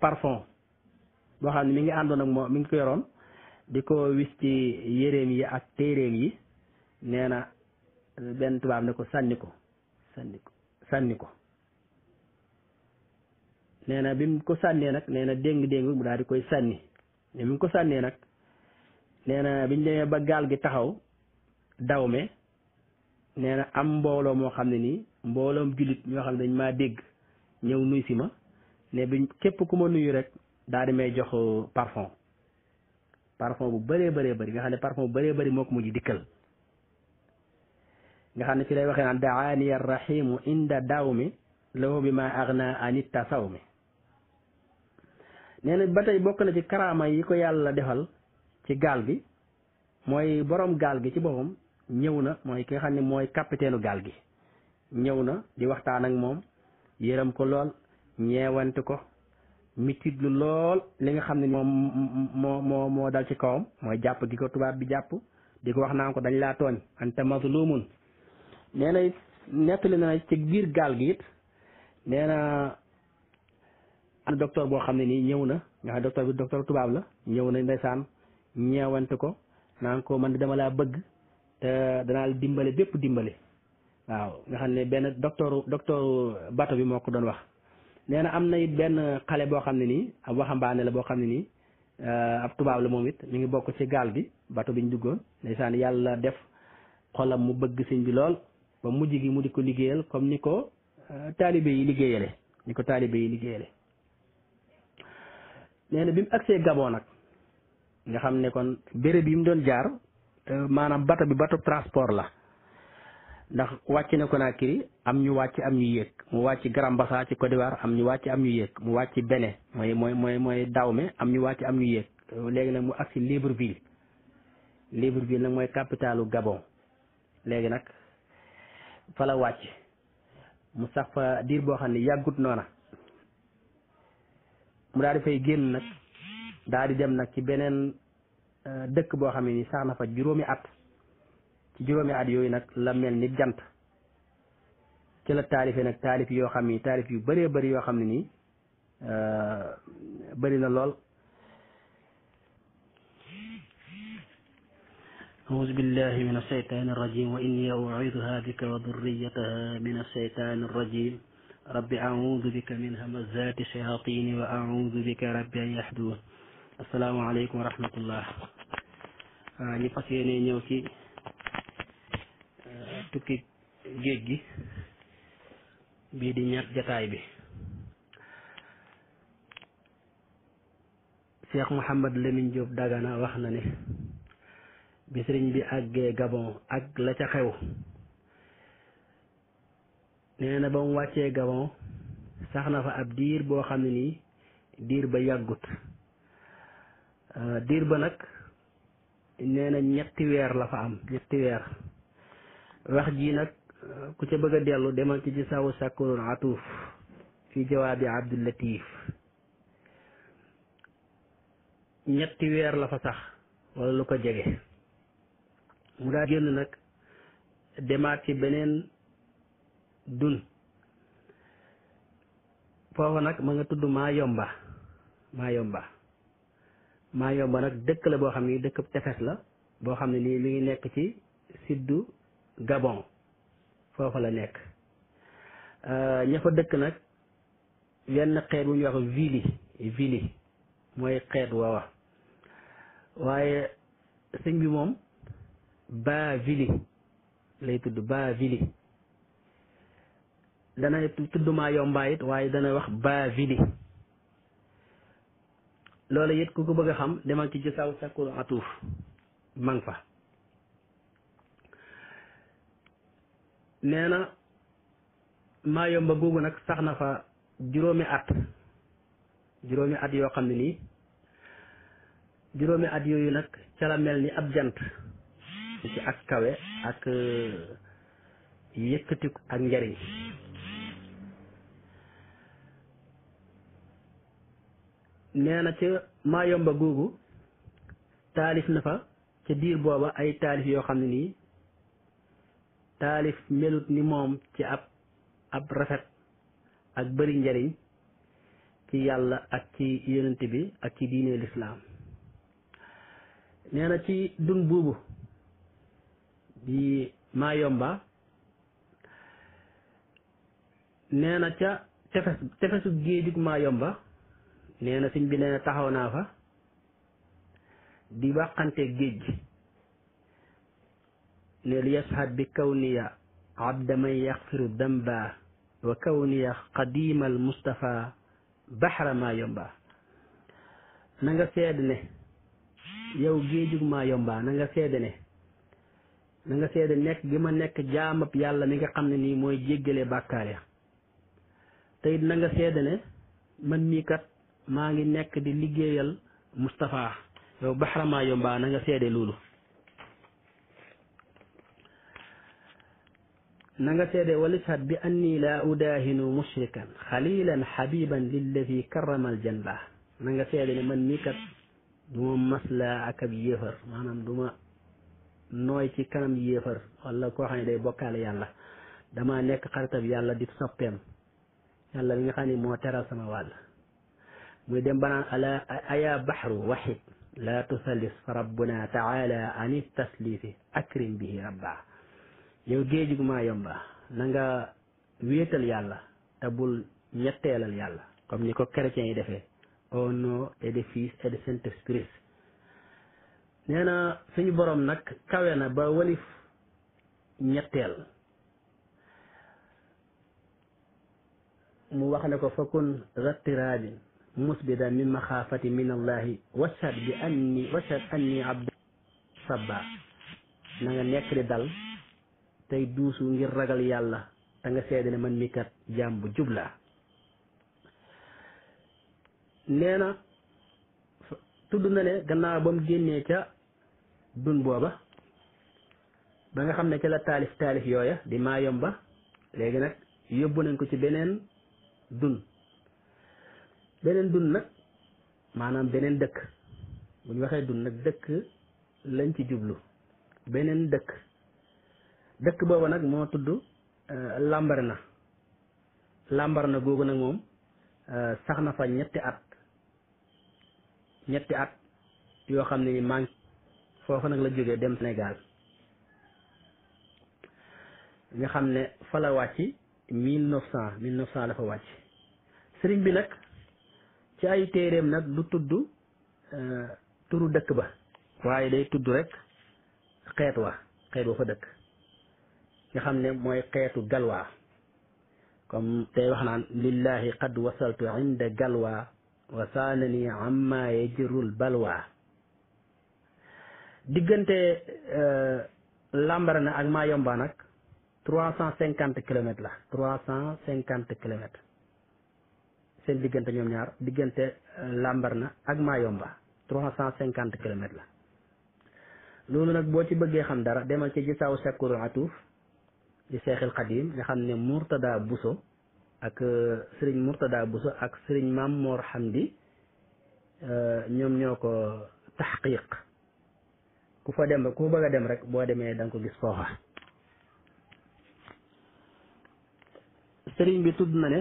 parfum boo xam ne mi ngi àndoon ak moom mi ngi ko yoroon di ko wis ci yéreem yi ak téeréem yi nee na benn tubaab ne ko sànni ko sànni ko sànni ko nee na bi mu ko sànnee nag nee na déng-déng mu daal di koy sànni ne bi mu ko sànnee nag nee na biñ demee ba gaal gi taxaw dawme nee na am mbooloo moo xam ne nii mbooloom jullit ñoo xam ne dañ maa dégg ñëw nuy si ma ne bi képp ku ma nuyu rek daal di may jox euh, parfum parfum bu bëree bëree bëri nga xam ne parfum bu bëree bari moo ko mujj dikkal nga xam ne ci lay waxee naan daani arrahimu daaw mi lahu bi ma agna anit tasawmi mi na ba tey bokk na ci karaama yi ko yàlla defal ci gaal gi mooy boroom gaal gi ci boppam ñëw na mooy ki nga xam ne mooy kapiteenu gaal gi ñëw na di waxtaan ak moom yërëm ko lool ñeewante ko mitit lu lool li nga xam ne moom moo moo moo dal ci kawam mooy jàpp gi ko tubaab bi jàpp di ko wax naa ko dañ laa tooñ anta mazlumun nee na it nettali na ci biir gaal gi it nee na am docteur boo xam ne nii ñëw na nga xam docteur bi docteur tubaab la ñëw na ndeysaan ñeewante ko naan ko man dama laa bëgg te danaa la dimbale bépp dimbali waaw nga xam ne benn docteur docteur bato bi moo ko doon wax nee na am na it benn xale boo xam ne nii ab waxambaane la boo xam ne nii euh, ab tubaab la moom it mu ngi bokk ci gaal bi bato bi ñu duggoon ndeysaan yàlla def xolam mu bëgg sëñ bi lool ba mujj gi mu di ko liggéeyal comme ni ko euh, taalibe yi liggéeyale ni ko taalibe yi liggéeyale nee na bi mu agsee Gabon nag nga xam ne kon béréb yi mu doon jaar euh, maanaam bato bi bato transport la ndax wàcc na Conakry am ñu wàcc am ñu yéeg mu wàcc Grand-Bassa ci Côte d'Ivoire am ñu wàcc am ñu yéeg mu wàcc Bénin mooy mooy mooy mooy Dahomey am ñu wàcc am ñu yéeg euh, léegi nag mu agsi libre Libreville nag mooy capitalu Gabon léegi nag fa la wàcc mu sax fa diir boo xam ne yàggut noona mu daal di fay génn nag daal di dem nag ci beneen euh, dëkk boo xam ne ni sax na fa juróomi at ci juróomi at yooyu nag la mel ni jant ci la taalife nag taalif yoo xam ni taalif yu baree bëri yoo xam ne nii euh, bëri na lool أعوذ بالله من الشيطان الرجيم وإني أعيذها بك وذريتها من الشيطان الرجيم رب أعوذ بك من همزات الشياطين وأعوذ بك رب أن يحضون السلام عليكم ورحمة الله ñu fas yéene ñëw ci tukki géej gi bii di ñaar jataay bi Cheikh Mouhamed Lamine Diop Dagana wax na ne bi sëriñ bi àggee Gabon ak la ca xew nee na ba mu wàccee Gabon sax na fa ab diir boo xam ne nii diir ba yàggut euh, diir ba nag nee na ñetti weer la fa am ñetti weer wax ji nag ku ca bëgg a dellu demal ci ci sawu sàkkurul atuuf fi jawaabi Abdul Latif ñetti weer la fa sax wala lu ko jege mu daa génn nag demaat ci beneen dun foofa nag ma nga tudd maa yomba maa yomba maa yomba nag dëkk la boo xam ne dëkk tefes la boo xam ne lii mi ngi nekk ci siddu Gabon foofa la nekk euh, ña fa dëkk nag yenn xeet bu ñuy wax vili vili mooy xeet woowa waaye sëñ bi moom baavili lay tudd baavili dana tudd maa yomba it waaye danay wax baavili loolu it ku ko bëgg a xam demal ci gisaaw sakkul atuuf man fa nee na maa yomba googu nag sax na fa juróomi at juróomi yoo xam ne nii juróomi at yooyu nag ca la mel ni ab jant ci ak kawe ak euh, yëkkatiku ak njariñ nee na ca maa yomba googu taalif na fa ca diir booba ay taalif yoo xam ne nii taalif melut ni moom ci ab ab rafet ak bëri njariñ ci yàlla ak ci yonent bi ak ci diine lislaam nee ci dun buubu di Mayomba nee na ca tefes tefesu géejug Mayomba nee na sëñ bi nee na taxaw naa fa di wàqante géej gi ne li yashad bi kawniya abda man yaxfiru damba wa kawniya qadimal Mustafa baxra Mayomba na nga seede ne yow géejug Mayomba na nga seede ne na nga seede nekk gi ma nekk jaamab yàlla mi nga xam ne nii mooy jéggale bàkkaar ya te it na nga seede ne man mii kat maa ngi nekk di liggéeyal Moustapha yow baxaramaa yomba na nga seede loolu nanga nga seede walishad bi anni laa udaahinu mushrikan xalilan xabiban lilladi karrama aljanba na nga seede ne man mii kat du ma maslaa ak nooy ci kanam yéefar wala koo xam ne bokkaale yàlla dama nekk xaritab yàlla di soppeem yàlla mi nga xam ne moo teral sama wàll muy dem banaan ala aya baxru waxid laa tusallis fa rabbuna taala ani taslifi akrim bihi rabba yow géej gu yomba na nga wéetal yàlla te bul ñetteelal yàlla comme ni ko chrétiens yi defee au oh nom et de fils et nee na suñu boroom nag kawe na ba walif ñetteel mu wax ne ko fakun ratiraabin musbidan min maxaafati min allahi washad bi anni washad anni abdu sabba na nga nekk di dal tey duusu ngir ragal yàlla te nga seede ne man mi kat jaam bu tudd na ne gannaaw ba mu génnee ca dun booba ba nga xam ne ci la taalif taalif yooya di maa yomba léegi nag yóbbu nañ ko ci beneen dun beneen dun nag maanaam beneen dëkk bu waxee dun nag dëkk lañ ci jublu beneen dëkk dëkk booba nag moo tudd eh, làmbar na làmbar na googu nag moom eh, sax na fa ñetti at ñetti at yoo xam ne ni manqué foofu nag la jógee dem Sénégal nga xam ne fa la wàcc mille neuf cent wàcc sëriñ bi nag ci ay téeréem nag lu tudd euh, turu dëkk ba waaye day tudd rek xeet wa xeet wa fa dëkk nga xam ne mooy xeetu galwaa comme tey wax naan lillahi qad wasaltu inda galwaa wasaanani amma yajrul balwaa diggante euh, Lambaréné ak Mayomba nag trois cent cinquante kilomètres la trois cinquante kilomètres seen diggante ñoom ñaar diggante euh, Lambaréné ak Mayomba trois cent cinquante kilomètres la loolu nag boo ci bëggee xam dara demal ci gisaaw sakuru atuuf di seexil xadim nga xam ne Mourtada Bousso ak euh, sëriñ Mourtada Bousso ak sëriñ Maam Moor Hamdi ñoom ñoo ko taxqiq ku fa dem ku bëgg a dem rek boo demee danga ko gis foofa sëriñ bi tudd na ne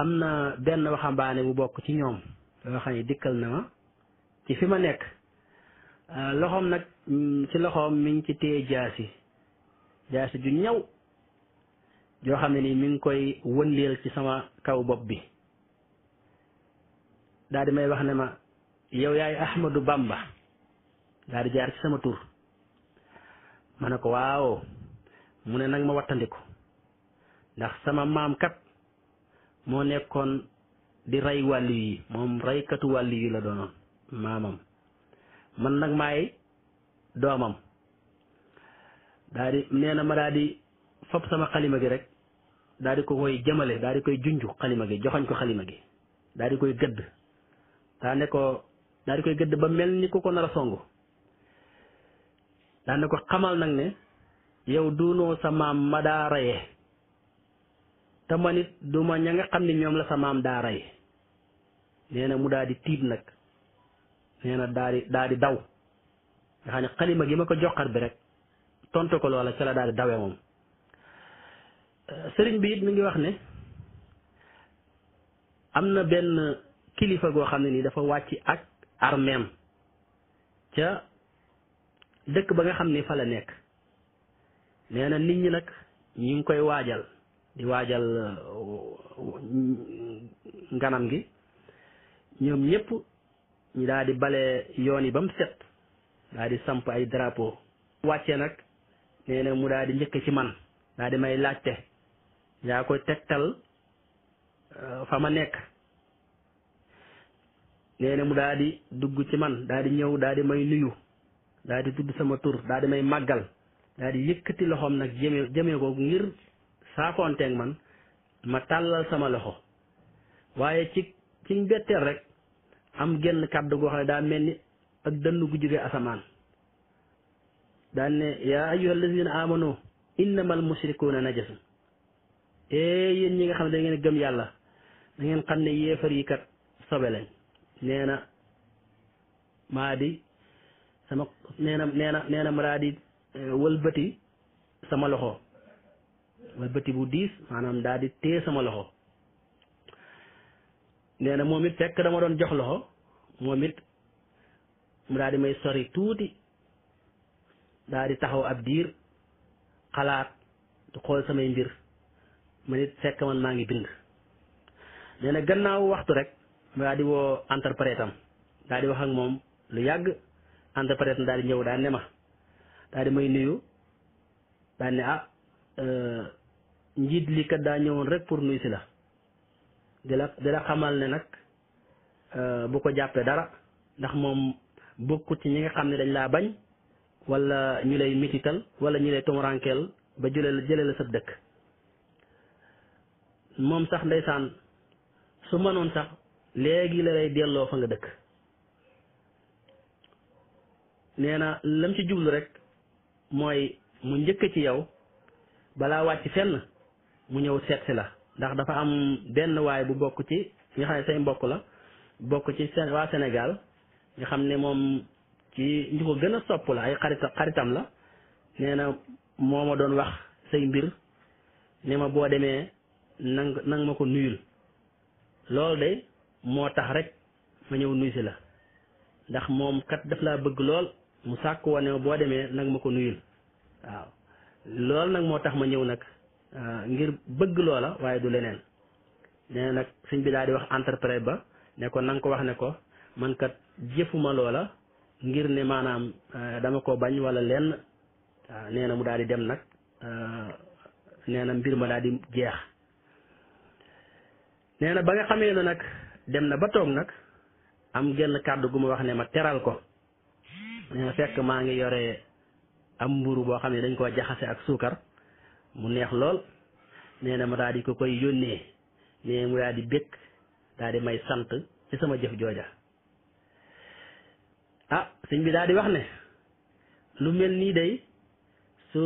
am na benn waxambaane bu bokk ci ñoom yoo xam ne dikkal na ma ci fi ma nekk euh, loxoom nag mm, ci loxoom mi ngi ci téye jaasi jaasi ju ñaw joo xam ne nii mi ngi koy wëndeel ci sama kaw bopp bi daal di may wax ne ma yow yaay Ahmadou Bamba daal di jaar ci sama tur ma ne ko waaw mu ne nag ma wattandiku ndax sama maam kat moo nekkoon di rey wàllu yi moom reykatu wàllu yi la doonoon maamam man nag may doomam daal di nee na ma daal di fab sama xalima gi rek daal di ko koy jëmale daal di koy junj xalima gi joxañ ko xalima gi daal di koy gëdd daa ne ko daal di koy gëdd ba mel ni ku ko nar a songu daan na ko xamal nag ne yow duunoo sa maam ma daa raye te man it du ma ña nga xam ne ñoom la sa maam daa raye nee na mu daal di tiit nag nee daa di daa di daw nga xam ne xalima gi ma ko joxar bi rek tontu ko loola ca la daal di dawee moom sëriñ bi it mi ngi wax ne am na benn kilifa goo xam ne nii dafa wàcc ak armeem ca dëkk ba nga xam ni fa la nekk neena na nit ñi nag ñu ngi koy waajal di waajal uh, nganam gi ñoom ñépp ñi daal bale yoon yi ba mu set daal samp ay drapo wàcce nag nee mu daal di njëkk ci man daal di may laajte yaa koy tegtal uh, fa ma nekk nee na mu daal dugg ci man daal di ñëw daal may nuyu daal di tudd sama tur daal di may màggal daal di yëkkati loxoom nag jëme jëmee ko ngir saafoonteeg man ma tàllal sama loxo waaye ci ci mbetteel rek am genn kàddu goo xam ne daa mel ni ak dënn gu jóge asamaan daan ne yaa ayyuha allazina amanu innamal mushrikuuna najasun ee yéen ñi nga xam ne da ngeen gëm yàlla da ngeen xam ne yéefar yi kat sobe nee na maa di sama nee na nee na nee na ma daa di eh, wëlbati sama loxo wëlbati bu diis maanaam daa di téye sama loxo nee na moom it fekk dama doon jox loxo moom it ma daa di may sori tuuti daa di taxaw ab diir xalaat du xool samay mbir ma nit fekk man maa ngi bind nee na gannaaw waxtu rek mu daa di woo interprète am daa di wax moom lu yàgg entreprenariat daal di ñëw daal ne ma daal di may nuyu daal ne ah euh, njiit lii kat daa ñëwoon rek pour nuyu si la di la di la xamal ne nag euh, bu ko jàppee dara ndax moom bokkut ci ñi nga xam ne dañ laa bañ walla ñu lay mitital wala ñu lay tomarankeel ba jëlee la jëlee la sa dëkk moom sax ndeysaan su mënoon sax léegi la lay delloo fa nga dëkk nee na lam ci jublu rek mooy mu njëkk ci yow balaa wàcc fenn mu ñëw seetsi si la ndax dafa am benn waay bu bokk ci nga xam ne say mbokk la bokk ci waa Sénégal nga xam ne moom ci ñu ko gën a sopp la ay xarit xaritam la nee na moo ma doon wax say mbir ne ma boo demee nang nang ma ko nuyul loolu de moo tax rek ma ñëw nuyu si la ndax moom kat daf laa bëgg lool mu sàkk woon ne boo demee nag ma ko nuyul waaw loolu nag moo tax ma ñëw nag ah, ngir bëgg loola waaye du leneen nee nag sëñ bi daal di wax entrepreneur ba ne ko na ko wax ne ko mankat kat jëfuma loola ngir ne maanaam ah, dama ko bañ walla lenn waaw ah, nee na mu daal di dem nag nee na mbir ma daal di jeex nee ba nga xamee ne nag dem na ba toog nag am genn kàddu gu ma wax ne ma teral ko ne fekk maa ngi yore am mburu boo xam ne dañ koo jaxase ak suukar mu neex lool nee na ma daal di ko koy yónnee nee mu daal di békk daal di may sant ci sama jëf jooja ah sëñ bi daal di wax ne lu mel nii day su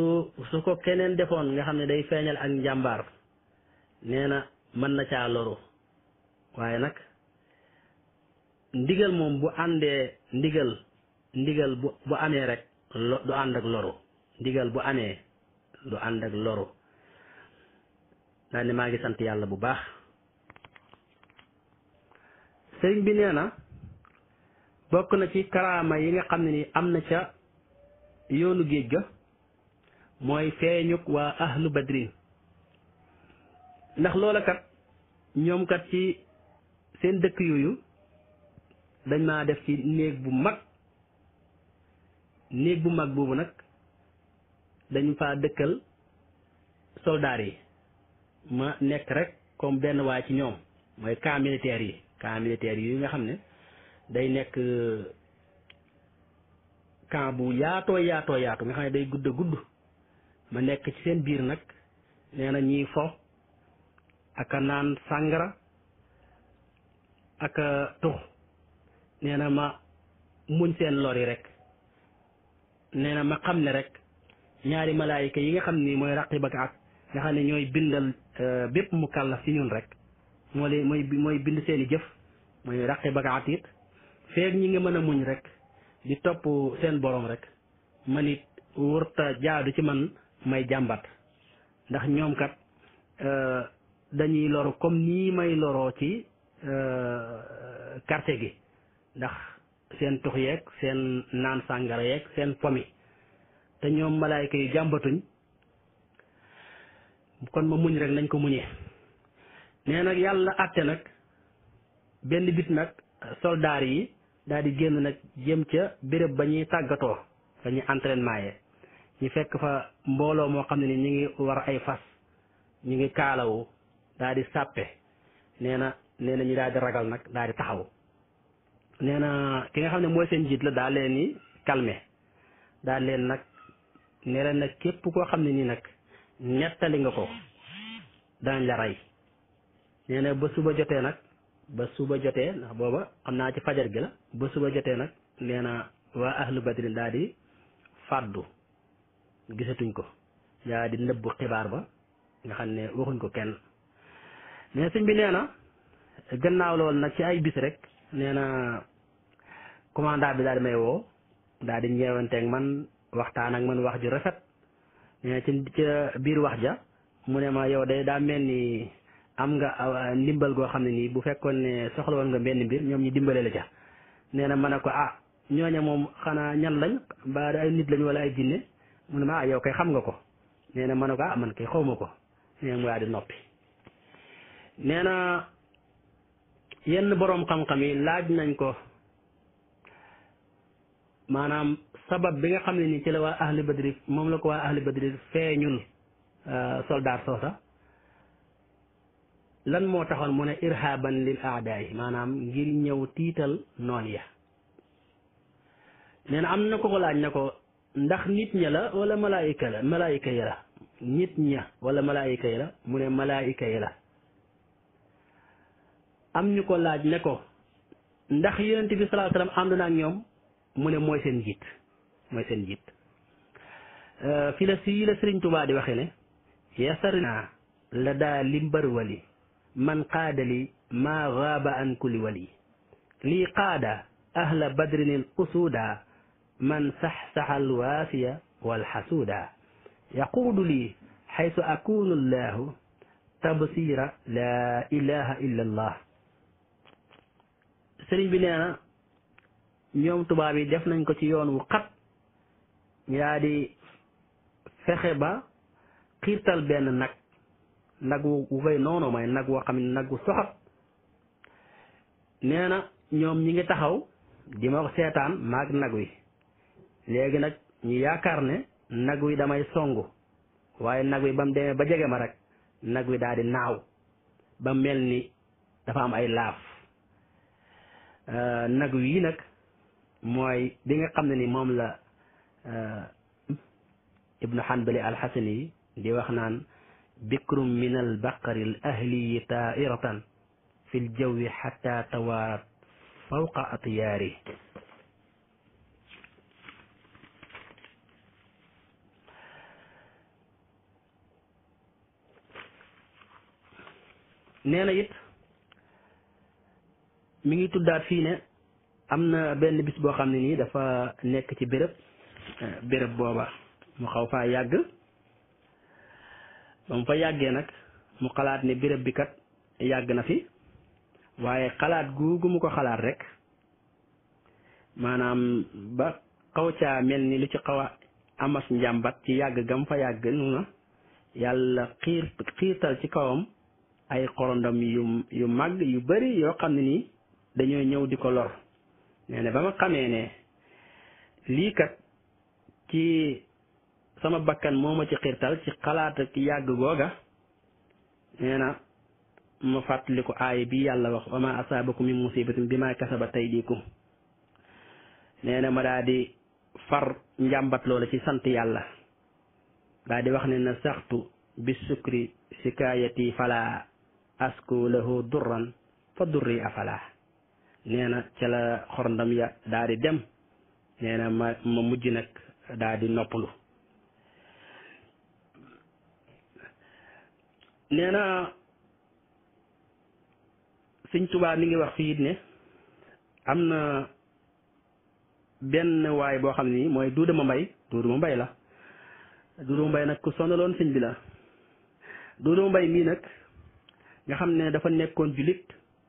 su ko keneen defoon nga xam ne day feeñal ak njàmbaar nee na mën na caa loru waaye nag ndigal moom bu àndee ndigal ndigal bu bu amee rek du ànd ak loru ndigal bu amee du ànd ak loru daal maa ngi sant yàlla bu baax sëriñ bi nee na bokk na ci karaama yi nga xam ne ni am na ca yoonu géej ga mooy feeñuk waa ahlu badrin ndax loola kat ñoom kat ci seen dëkk yooyu dañ maa def ci néeg bu mag néeg bu mag boobu nag dañ faa dëkkal soldaar yi ma nekk rek comme benn waa ci ñoom mooy camp militaire yi camp militaire yi nga xam ne day nekk euh, camp bu yaatoo yaatoo yaatu nga xam ne day gudd a gudd ma nekk ci seen biir nag nee na ñiy fo aka naan sàngara aka tux nee na ma muñ seen lori yi rek nee na ma xam ne rek ñaari malaayika yi nga xam ni mooy raqib ak nga xam ne ñooy bindal euh, bépp mu kàllaf ci ñun rek moo leen mooy mooy bind seen i jëf mooy raqib ak atiit feeg ñi nga mën a muñ rek di topp seen boroom rek man it wërta jaadu ci man may jàmbat ndax ñoom kat euh, dañuy loru comme nii may loroo ci euh, quartier gi ndax seen tux yeeg seen naan sàngara yeeg seen fomi te ñoom malaayka yi jàmbatuñ kon ma muñ rek nañ ko muñee nee nag yàlla àtte nag benn bit nag soldaar yi daal di génn nag jëm ca béréb ba ñuy tàggatoo ba ñuy entraînement yi ñu fekk fa mbooloo moo xam ne ni ñu ngi war ay fas ñu ngi kaalawu daal di sàppe nee na nee na ñu ragal nag daal di taxaw nee na ki nga xam ne mooy seen njiit la daal leen ni calmer daa leen nag ne leen nag képp koo xam ne nii nag nettali nga ko danañ la rey nee na ba suba jotee nag ba suba jotee ndax booba xam naa ci fajar gi la ba suba jotee nag nee na waa ahlu badrin daal di fàddu gisatuñ ko daa di nëbbu xibaar ba nga xam ne waxuñ ko kenn mais sëñ bi nee na gannaaw lool nag ci ay bis rek nee na commandant bi daal di may woo daal di ñeewanteeg man waxtaan ak man wax ju rafet nee na ci ca biir wax ja mu ne ma yow day daa mel ni am nga aw ndimbal goo xam ne nii bu fekkoon ne soxla woon nga benn mbir ñoom ñi dimbale la ca nee na ma ne ko ah ñooña moom xanaa ñan lañ ba ay nit lañ wala ay jinne mu ne ma ah yow kay xam nga ko nee na ma ne ko ah man kay xaw ko nee na mu di noppi nee yenn boroom xam-xam yi laaj nañ ko maanaam sabab bi nga xam ne ni ci la waa ahli badri moom la ko waa ahli badri feeñul euh, soldaar soosa lan moo taxoon mu ne irhaban lil aadaay maanaam ngir ñëw tiital noon ya nee am na ko ko laaj na ko ndax nit ña la wala malaayika la malaayika yi la nit ña wala malaayika yi la mu ne malaayika yi la am ñu ko laaj ne ko ndax yonent bi sallallahu alayhi wasallam ànd na ak ñoom mu ne mooy seen njiit mooy seen njiit euh, fi la si la Sëriñ Tuubaa ne yasar naa la daa wali man qaadali li gaaba an kulli wali lii qaada ahla badrinin usuuda man saxsaxa alwaasiya walxasuuda yaquudu lii xaysu akunu allahu tabsira laa ilaha illa allah sëriñ bi nee na ñoom tubaab yi def nañ ko ci yoon wu xat ñu di fexe ba xiirtal benn nag nag wu wu koy noonu mooy nag woo xam ne nag wu soxat nee na ñoom ñi ngi taxaw di ma seetaan maag nag wi léegi nag ñu yaakaar ne nag wi damay songu waaye nag wi ba mu demee ba jege ma rek nag wi daal di naaw ba mel ni dafa am ay laaf Euh, nag yi nag mooy bi nga xam ne ni moom la euh, ibnu hanbali alxasani yi di wax naan bikrum min al baqari al ahliyi tairatan fi l jawi xata tawaarat fawqa atyaari nee na it mi ngi tuddaat fii ne am na benn bis boo xam ne nii dafa nekk ci béréb eh, béréb booba mu xaw faa yàgg ba mu fa yàggee nag mu xalaat ne béréb bi kat yàgg na fi waaye xalaat googu mu ko xalaat rek maanaam ba xaw caa mel ni lu ci xaw a amas njàmbat ci yàgg gam fa yàgg nu na yàlla xiir xiirtal ci kawam ay xorondom yu yu yu bari yoo xam ne nii da ñëw di ko lor nee na ba ma xamee ne lii kat ci sama bakkan moo ma ci xirtal ci xalaat ki yàgg googa nee na ma fàttali ko aaya bi yàlla wax wa ma asaabakum min musibatin bi ma kasabat aydikum nee na ma daa far njàmbat loola ci sant yàlla daa di wax ne na saxtu bi sukri sikaayati fala asku lahu durran fa durri afala nee na ca la xorndam ya daa di dem nee na ma ma mujj nag daa di noppalu nee na Sëñ Tuubaa mi ngi wax fii ne am na benn waay boo xam ni mooy duudama mbay duudama mbay la duudama mbay nag ku sonaloon sëñ bi la duudama mbay mii nag nga xam ne dafa nekkoon jullit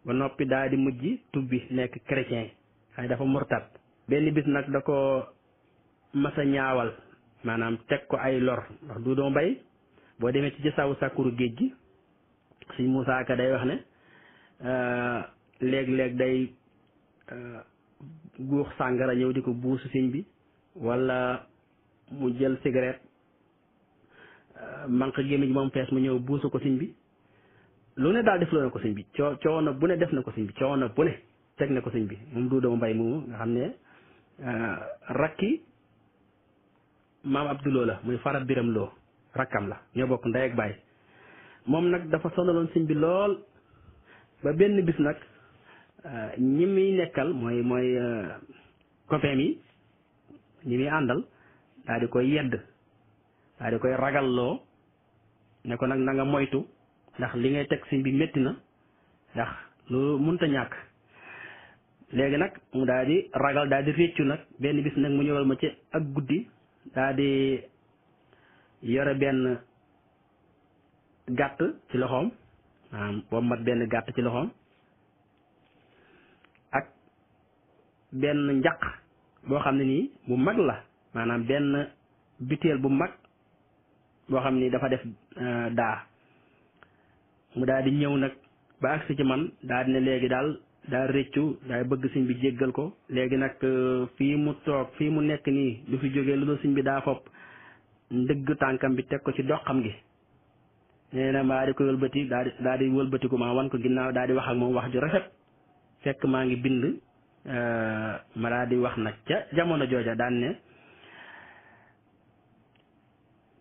ba noppi daal di mujj tubbi nekk chrétien waaye dafa murtat benn bis nag da ko masa ñaawal maanaam teg ko ay lor ndax du doo bay boo demee ci sawu sàkkuru géej gi siñ Moussa Ka day wax ne euh, léeg-léeg day euh, guux sàngara ñëw di ko buusu siñ bi walla mu jël cigarette euh, manque gémmiñ moom fees mu ñëw buusu ko siñ bi lu ne daal defloo na ko sëñ bi coo coono bu ne def na ko sëñ bi coono bu ne teg na ko sëñ bi moom Duudu Mbay moomu nga xam ne euh, rakki maam Abdouloo la muy fara biram loo rakkam la ñoo bokk ndey ak baay moom nag dafa sonaloon sëñ bi lool ba benn bis nag euh, ñi muy nekkal mooy mooy euh, copain yi ñi muy àndal daal di koy yedd daal di koy ragalloo ne ko nag na moytu ndax li ngay teg sëñ bi metti na ndax loolu mënta ñàkk léegi nag mu daal di ragal daal réccu nag benn bis nag mu ñëwal ma ci ak guddi daal yore benn gàtt ci loxoom maanaam boobu mat benn gàtt ci loxoom ak benn njaq boo xam ne nii bu mag la maanaam benn biteel bu mag boo xam ni dafa def euh, daa mu daal di ñëw nag ba agsi ci man daal di ne léegi daal daal rëccu daay bëgg sëñ bi jéggal ko léegi nag euh, fii mu toog fii mu nekk nii du fi jógee lu dul sëñ bi daa fopp ndëgg tànkam bi teg ko ci doqam gi nee na maa di ko wëlbati daa di daa di wëlbatiku maa wan ko ginnaaw daa di wax ak moom wax ju rafet fekk maa ngi bind euh, ma daa di wax nag ca jamono jooja daan ne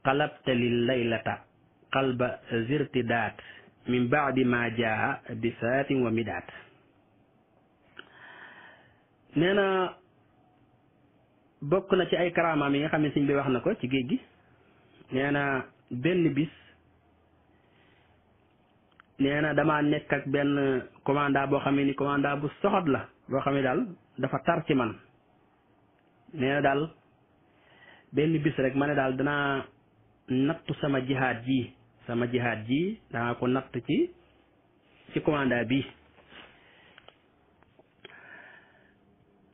xalabtali laylata xalba zirtidaat min baadi ma jaaha bi saatin wa midaat nee na bokk na ci ay karaamaam yi nga xam ne sëñ bi wax na ko ci géej gi nee na benn bis nee na damaa nekk ak benn commandant boo xam ne ni commandant bu soxot la boo xam ne daal dafa tar ci man nee daal benn bis rek ma ne daal danaa nattu sama jihaad ji sama jihaad ji danaa ko natt ci ci commanda bi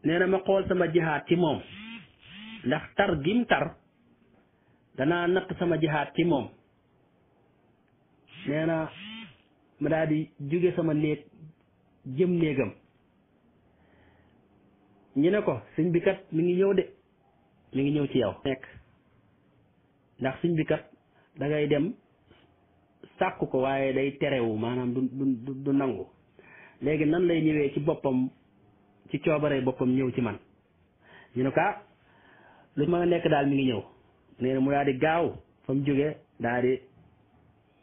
nee na ma xool sama jihaad ci moom ndax tar gim tar danaa natt sama jihaad ci moom nee ma daal di jóge sama néeg jëm néegam ñu ne ko sëñ bi kat mi ngi ñëw de mi ngi ñëw ci yow. nekk ndax sëñ bi kat da dem sàkku ko waaye day terewu maanaam du du du nangu léegi nan lay ñëwee ci boppam ci coobaree boppam ñëw ci man ñu ne ko ah, lu ma nekk daal mi ngi ñëw nee na mu daal di gaaw fa mu jógee daal di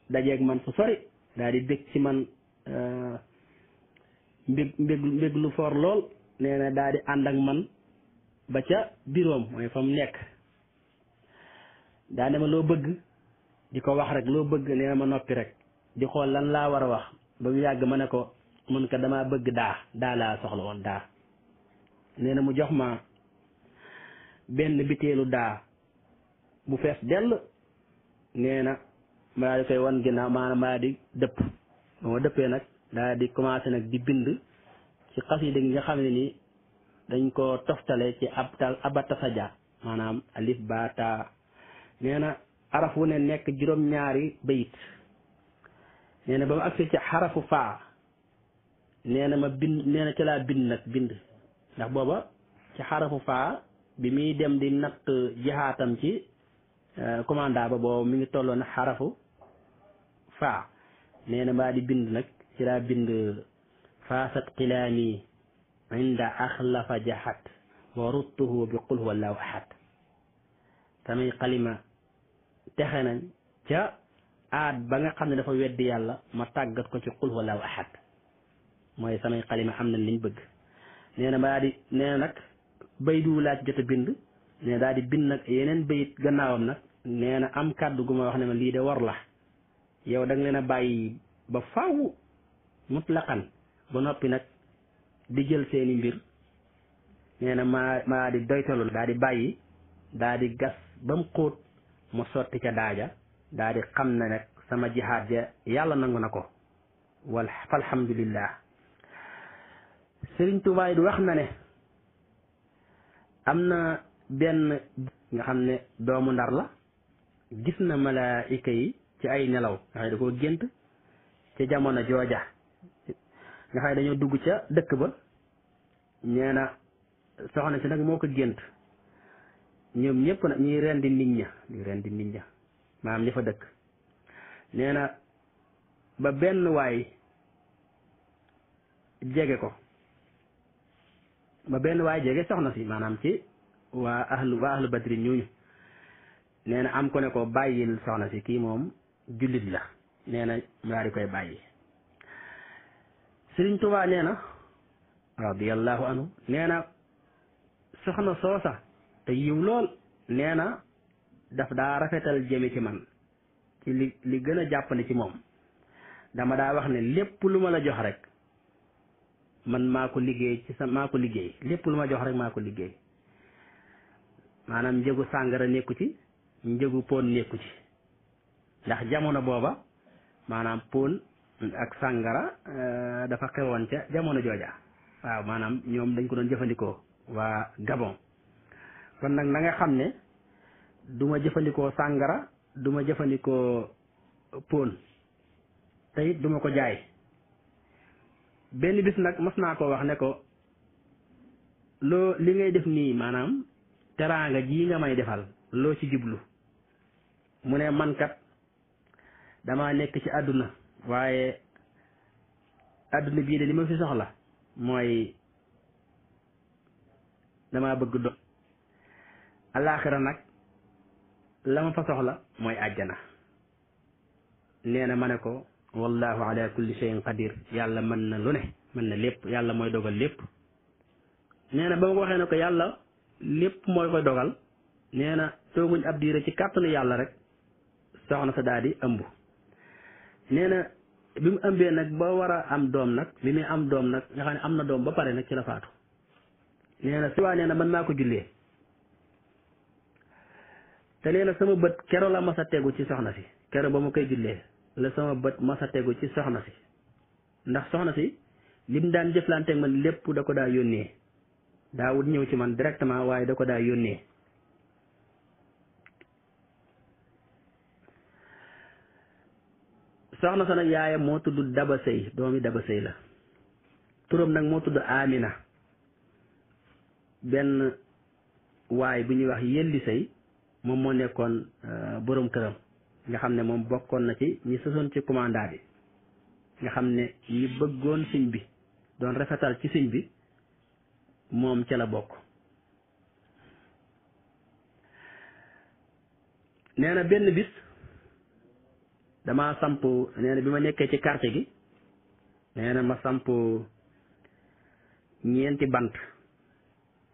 dajeeg man fu sori daal di dëkk ci man euh, mbég mbég mbég lu for lool nee na daal di ànd ak man ba ca biroom mooy fa mu nekk daa ne loo bëgg di ko wax rek loo bëgg nee ma noppi rek di xool lan laa war a wax ba mu yàgg ma ne ko mën ko damaa bëgg daa daa laa soxla woon daa nee na mu jox ma benn biteelu daa bu fees dell nee na ma daal di koy wan ginnaaw maanaam ma di dëpp ba ma dëppee nag daal di commencé nag di bind ci xasida gi nga xam ne nii dañ ko toftale ci ab tal maanaam alif bata nee na araf wu ne nekk juróom-ñaari bayit nee ba ma agsee ci xarafu faa na ma bind nee bind nag bind ci xarafu faa bi muy dem di natt jihaatam ci e, commanda ba booba mi ngi tolloon xarafu faa nee na di bind nag ci laa bind faasat xilaami inda axlafa jaxat wa bi qul huwallahu ahad samay xalima texe nañ ca aat ba nga xam ne dafa weddi yàlla ma tàggat ko ci qul walaahu ahad mooy samay xalima am na liñ bëgg nee na daa di nee nag bay du laa ci jot a bind ne daal di bind nag yeneen bayit gannaawam nag nee na am kàddu gu ma wax ne ma lii de war la yow da leen a bàyyi ba faaw mutlaqan ba noppi nag di jël seeni mbir nee na maa maa di doytalu daa di bàyyi daa di gas ba mu xóot mu sotti ca daaja daa di xam na nag sama jihaad ja yàlla nangu na ko wal alhamdulillah Sëriñ Tuubaa it wax na ne am na benn nga xam ne doomu ndar la gis na malaayika yi ci ay nelaw nga xam ne da koo gént ci jamono jooja nga xam dañoo dugg ca dëkk ba nee na soxna si nag moo ko gént ñoom ñëpp nag ñuy rendi nit ña di rendi nit ña maanaam ña fa dëkk nee na ba benn waay jege ko ba benn waay jege soxna si maanaam ci waa ahlu waa ahlu badri ñooñu nee na am ko ne ko bàyyil soxna si kii moom jullit la nee na mu di koy bàyyi Sëriñ Tuubaa nee na radiyallahu anhu na soxna soosa te yiw lool nee na daf daa rafetal jëme ci man ci li li gën a jàppandi ci moom dama daa wax ne lépp lu ma la jox rek man maa ko liggéey ci sa maa ko liggéey lépp lu ma jox rek maa ko liggéey maanaam njëgu sàngara nekku ci njëgu pon nekku ci ndax jamono booba maanaam pon ak sàngara eh, dafa xewoon ca jamono jooja waaw maanaam ñoom dañ ko doon jëfandikoo waa Gabon kon nag na nga xam ne duma jëfandikoo sàngara duma jëfandikoo pon te it du ko jaay benn bis nag mas naa ko wax ne ko loo li ngay def nii maanaam teraanga jii nga may defal loo ci jublu mu ne man kat dama nekk ci àdduna waaye àdduna bii de li ma fi soxla mooy dama bëgg alaaxira nag la ma fa soxla mooy àjjana nee na ma ne ko wallahu ala kulli shay'in qadir yàlla mën na lu ne mën na lépp yàlla mooy dogal lépp nee na ba ma ko waxee ne ko yàlla lépp mooy koy dogal nee na tooguñ ab diire ci kàttanu yàlla rek soxna sa daal di ëmb nee na bi mu ëmbee nag ba war a am doom nag bi muy am doom nag nga xam ne am na doom ba pare nag ci la faatu nee na suwaa nee na mën ko jullee te nee na sama bët kero la mas a tegu ci soxna si kero ba mu koy jullee la sama bët mas tegu ci soxna si ndax soxna si lim daan jëflante ak man lépp da ko daa yónnee daawut ñëw ci man directement waaye da ko daa yónnee soxna sa nag yaayam moo tuddu daba sëy doomi daba sëy la turam nag moo tudd amina benn waaye bu ñuy wax yëlli sëy moom moo nekkoon euh, boroom këram nga xam ne moom bokkoon na ci ñi sosoon ci commanda bi nga xam ne ñi bëggoon sëñ bi doon rafetal ci sëñ bi moom ca la bokk nee benn bis dama samp nee bi ma nekkee ci quartier gi nee na ma samp ñeenti bant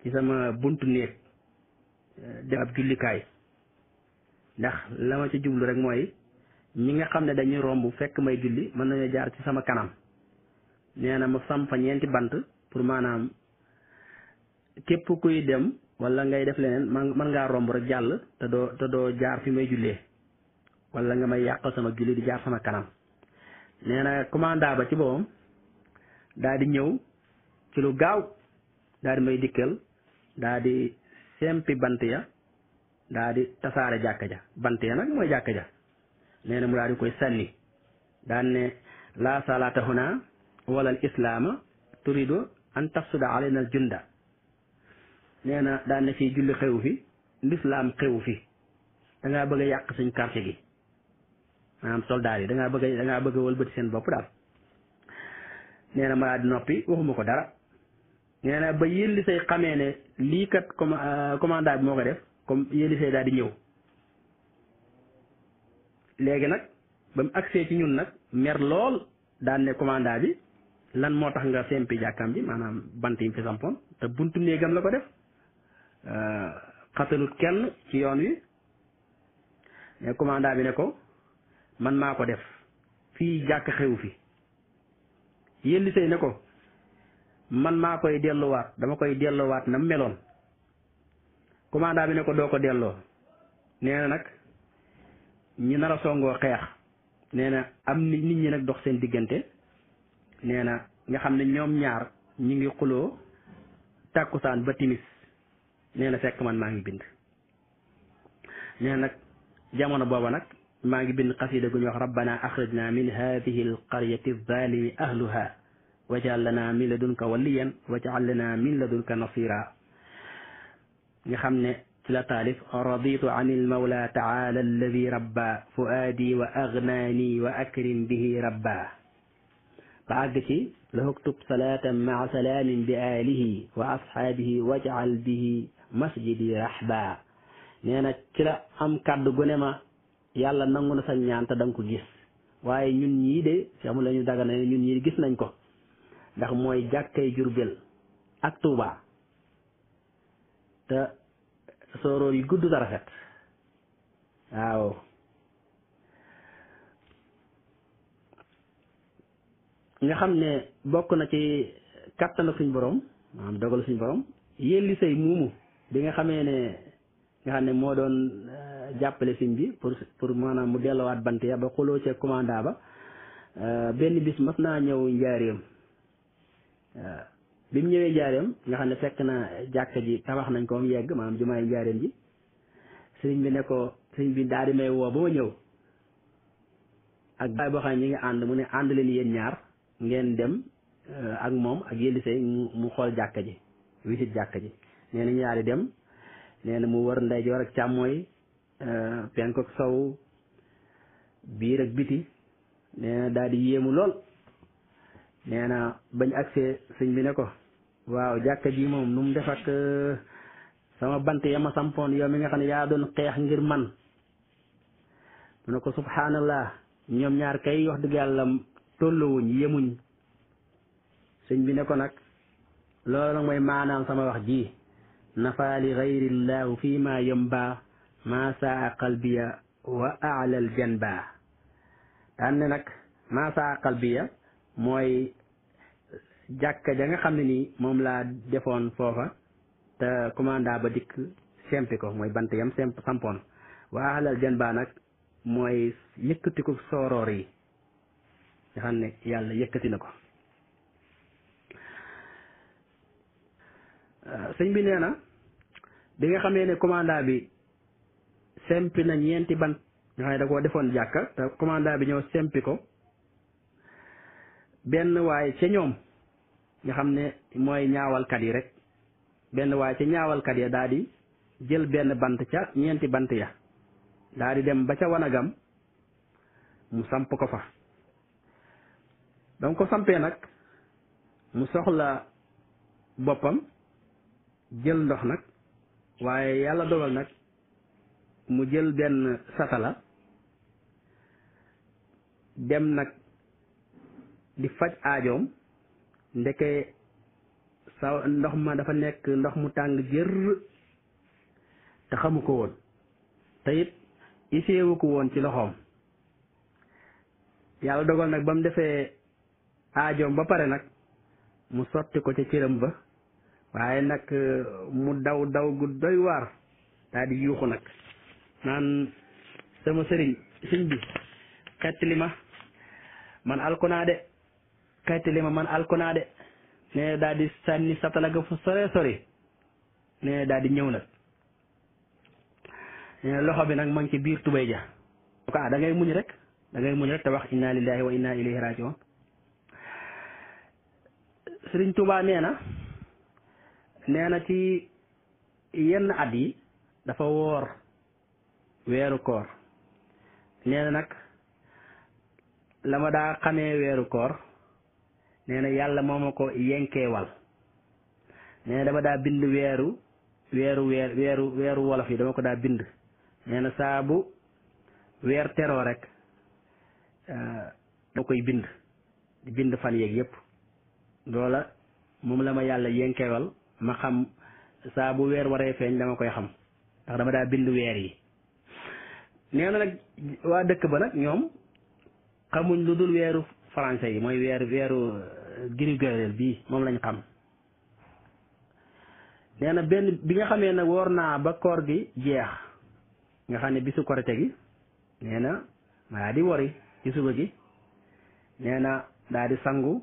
ci sama buntu néeg euh, def ab jullikaay ndax la ma ci jublu rek mooy ñi nga xam ne dañuy romb fekk may julli mën nañu jaar ci sama kanam nee na ma sampa ñeenti bant pour maanaam képp kuy dem walla ngay def leneen mën ngaa romb rek jàll te doo te doo jaar fi may jullee wala nga may yàqal sama julli di jaar sama kanam nee na commanda ba ci boppam daa di ñëw ci lu gaaw daa di may dikkal daa di sempi bant ya daa di tasaare jàkka ja bante nag mooy jàkka ja nee na mu daa di koy sànni daan ne laa salaata huna wala al islaama turido an tafsuda alayna al junda nee na daan ne fii julli xewu fi lislaam xewu fi dangaa bëgg yàq suñ quartier gi maanaam soldat yi danga bëgg danga bëgg a seen bopp daal nee na daa di noppi waxuma ko dara nee na ba yéen li say xamee ne lii kat euh, commandant bi moo ko def comme Yélisée daal di ñëw léegi nag ba mu agsee ci ñun nag meer lool daan ne commandant bi lan moo tax nga sempi jàkkaam ji maanaam bant yi mu fi sampoon te buntu néegam la ko def euh, xatalut kenn ci yoon wi ne commandant bi ne ko man maa ko def fii jàkk xewu fi Yélisée ne ko man maa koy delluwaat dama koy delluwaat na meloon commandant bi ne ko doo ko delloo nee nag ñi nar a songoo xeex nee na am nit ñi nag dox seen diggante nee na nga xam ne ñoom ñaar ñi ngi xuloo tàkkusaan ba timis nee na fekk man maa ngi bind nee nag jamono booba nag maa ngi bind xasida gu ñu wax rabbana axrijna min hadihi alqaryati zalimi ahluha wajal lana min ladunka waliyan wajal lana min ladunka nasira nga xam ne ci la taalif raditu an il mawla taala alladi rabba fuaadi wa agnaani wa akrim bihi rabba ba àgg ci la uktub salaatan maa salaamin bi aalihi wa ashaabihi wajcal masjidi rahba nee ci la am kàddu gu ne ma yàlla nangu na sa ñaan te da gis waaye ñun ñii de si amul la daga ne ñun ñii gis nañ ko ndax mooy jàkkay Jurbel ak te sooroor yi gudd te rafet waaw nga xam ne bokk na ci kàttana suñ boroom maanaam dogal suñ borom yelli sëy muumu bi nga xamee ne nga xam ne moo doon euh, jàppale siñ bi pour pour maanaam mu delluwaat bant ya ba xuloo ca commanda ba euh, benn bis mas naa ñëw njaareem euh, bi mu ñëwee jaareem nga xam ne fekk na jàkka ji tabax nañ ko mu yegg maanaam jumaay jaareem ji sëriñ bi ne ko sëriñ bi daal di may woo ba ma ñëw ak baay boo xam ne ñi ngi ànd mu ne ànd leen yéen ñaar ngeen dem euh, ak moom ak yëllisee mu xool jàkka ji wisit jàkka ji nee ñaari dem nee na mu war ndeyjoor ak càmmooy euh, penk ak sow biir ak biti nee na yéemu lool nee na bañ agsee sëñ bi ne ko waaw jàkka ji moom nu mu def ak euh, sama bant ya ma sampoon yow mi nga xam ne yaa doon xeex ngir man mu ne ko subhanallah ñoom ñaar kay wax dëgg yàlla tolluwuñ yemuñ sëñ bi ne ko nag loolu nag mooy maanaam sama wax ji nafa li gayrillahu fii ma yomba ma saa qalbiya wa aalal janba daan ne nag ma saa qalbiya mooy jàkka ja nga xam ne nii moom laa defoon foofa te commanda ba dikk sempi ko mooy bant yam semp sampoon waa xalal jën baa nag mooy yëkkati ko soroor yi nga xam ne yàlla yëkkati na ko ah, sëñ bi nee na bi nga xamee ne commanda bi sempi nañ ñeenti bant nga xam ne da defoon jàkka te commanda bi ñëw sempi ko benn waaye ca ñoom nga xam ne mooy ñaawalkat yi rek benn waaye ca ñaawalkat ya daa jël benn bant ca ñeenti bant ya daa dem ba ca wanagam mu samp ko fa dama ko sampee nag mu soxla boppam jël ndox nag waaye yàlla dogal nag mu jël benn satala dem nag di faj aajoom ndeke saw ndox ma dafa nekk ndox mu tàng jër te xamu ko woon te it iseewu ko woon ci loxoom yàlla dogal nag ba mu defee aajoom ba pare nag mu sotti ko ca cëram ba waaye nag euh, mu daw daw gu doy waar daal di yuuxu nag naan sama sëriñ sëñ bi xettali man alko de kaytali ma man alko naa de nee daal di sànni satala ga fu sore sori nee daal di ñëw nag nee loxo bi nag ma ngi ci biir tubay ja ko da ngay muñ rek dangay ngay muñ rek te wax inna lillahi wa inna ilayhi rajiun Sëriñ Tuubaa nee na nee na ci yenn at yi dafa woor weeru koor nee nag la ma daa xamee weeru koor nee na yàlla moo ma ko yenkeewal nee dama daa bind weeru weeru weer weeru weeru wolof yi dama ko daa bind nee na saabu weer teroo rek euh, dama koy bind di bind fan yeeg yépp loola moom la ma yàlla yenkeewal ma xam saabu weer waree feeñ dama koy xam ndax dama daa bind weer yi nee nag waa dëkk ba nag ñoom xamuñ lu dul weeru français yi mooy weeru weeru euh, grégorien bii moom lañ xam nee na benn bi nga xamee ne woor naa ba koor gi jeex nga xam ne bisu korite gi nee na ma daa di gi nee na daa sangu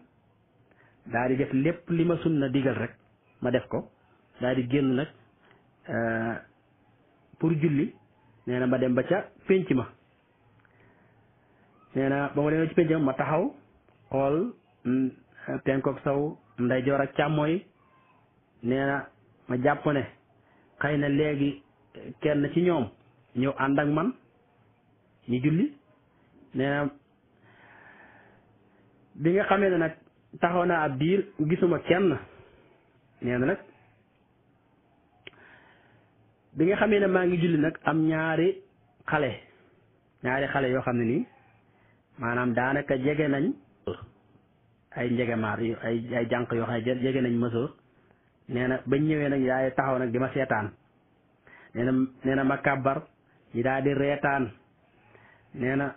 daa di lépp li ma sunna digal rek ma def ko daa di génn nag euh, pour julli nee na ma dem ba ca pénc ma nee na ba ma demee ci pénc ma ma taxaw xool penkook mm, saw ndeyjoor ak càmmooy nee ma jàpp ne xëy na léegi kenn ci ñoom ñëw ànd ak man ñu julli nee bi nga xamee ne nag taxaw naa ab diir gisuma kenn nee na nag bi nga xamee ne maa ngi julli nag am ñaari xale ñaari xale yoo xam ne nii maanaam daanaka jege nañ ay njegemaar yu ay ay jànq yoo xam ne jege nañ mësoor nee na bañ ñëwee nag yaay taxaw nag di ma seetaan nee na nee na ma kàbbar ñu daal di reetaan nee na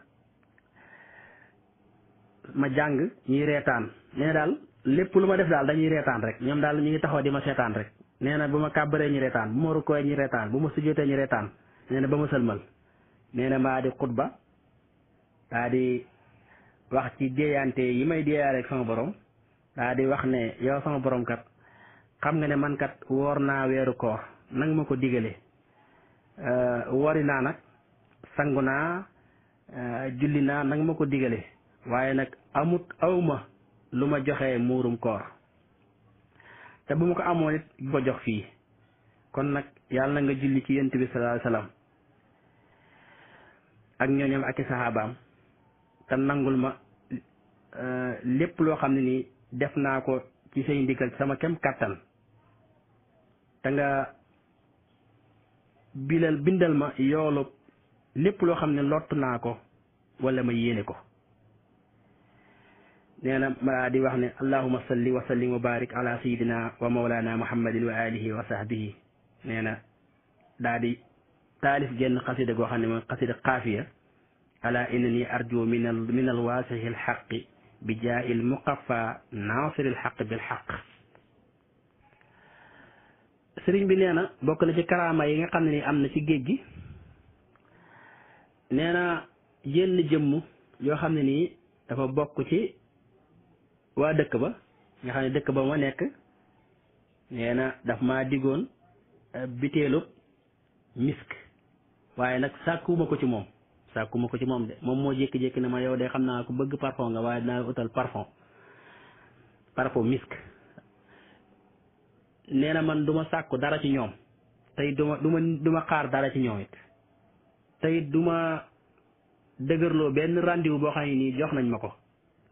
ma jàng ñuy reetaan nee daal lépp lu ma def daal dañuy reetaan rek ñoom daal ñu ngi taxaw di ma seetaan rek nee na bu ma kàbbaree ñu reetaan bu ma rukkooyee ñu reetaan bu ma sujjootee ñu reetaan nee na ba ma sëlmal nee maa di xutba daa di wax ci déeyante yi may déeyaale ak sama borom daa di wax ne yow sama borom xam nga ne mankat woor naa weeru koor nanga ma ko digale euh, wori naa nag sangu naa euh, julli naa nag ma ko digale waaye nag amut awma lu ma joxe muurum koor te bu ma ko amoon it ko jox fii kon nag yàlla na nga julli ci yent bi sallallahu ak ñooñam ak i saxaabaam te nangul ma euh, lépp loo xam ne nii def naa ko ci say ndigal sama kem kàttan te nga bilal bindal ma yoolu lépp loo xam ne lott naa ko wala ma yéene ko nee na ma di wax ne allahuma salli wa sallim wa barik ala sayidina wa maulana muhammadin wa alihi wa sahbihi nee na daa di taalif genn xasida goo xam ne mooy xasida xaafiya ala innani arju min al min al waasixi al xaqi bi jaa il muqafa naasiri al xaq bi nee na bokk na ci karaama yi nga xam ni am na ci géej gi nee na yenn jëmm yoo xam ne ni dafa bokk ci waa dëkk ba nga xam ne dëkk ba ma nekk nee na daf maa diggoon eh, biteelub misk waaye nag sàkkuwuma ko ci moom sàkkuma ko ci moom de moom moo jékki-jékki ne ma yow de xam naa ko bëgg parfum nga waaye dinaa utal parfum parfum misk nee na man duma ma sàkku dara ci ñoom tey duma duma du ma xaar dara ci ñoom it tey du dëgërloo benn rendez-vous boo xam ne nii jox nañ ma ko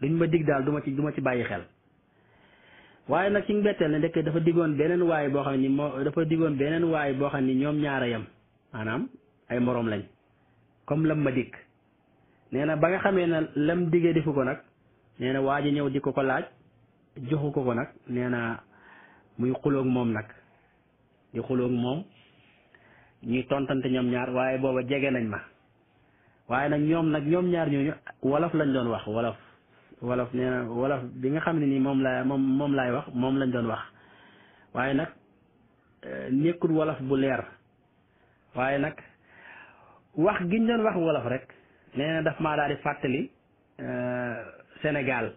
luñ ma dig daal duma ci du ma ci bàyyi xel waaye nag ci mbetteel ne ndekk dafa diggoon beneen waay boo xam ne moo dafa diggoon beneen waay boo xam ne ñoom ñaara yam maanaam ay moroom lañ comme lam ma dikk nee na ba nga xamee na lam diggee defu ko nag nee na waa ji ñëw di ko ko laaj joxu ko ko nag nee na muy xulook moom nag di xuloog moom ñuy tontante ñoom ñaar waaye booba jege nañ ma waaye nag ñoom nag ñoom ñaar ñooñu wolof lañ doon wax wolof wolof nee na wolof bi nga xam ne nii moom laa moom moom laay wax moom lañ doon wax waaye nag eh, nekkul wolof bu leer waaye nag wax giñ doon wax wolof rek nee dafa ma maa di fàttali euh, Sénégal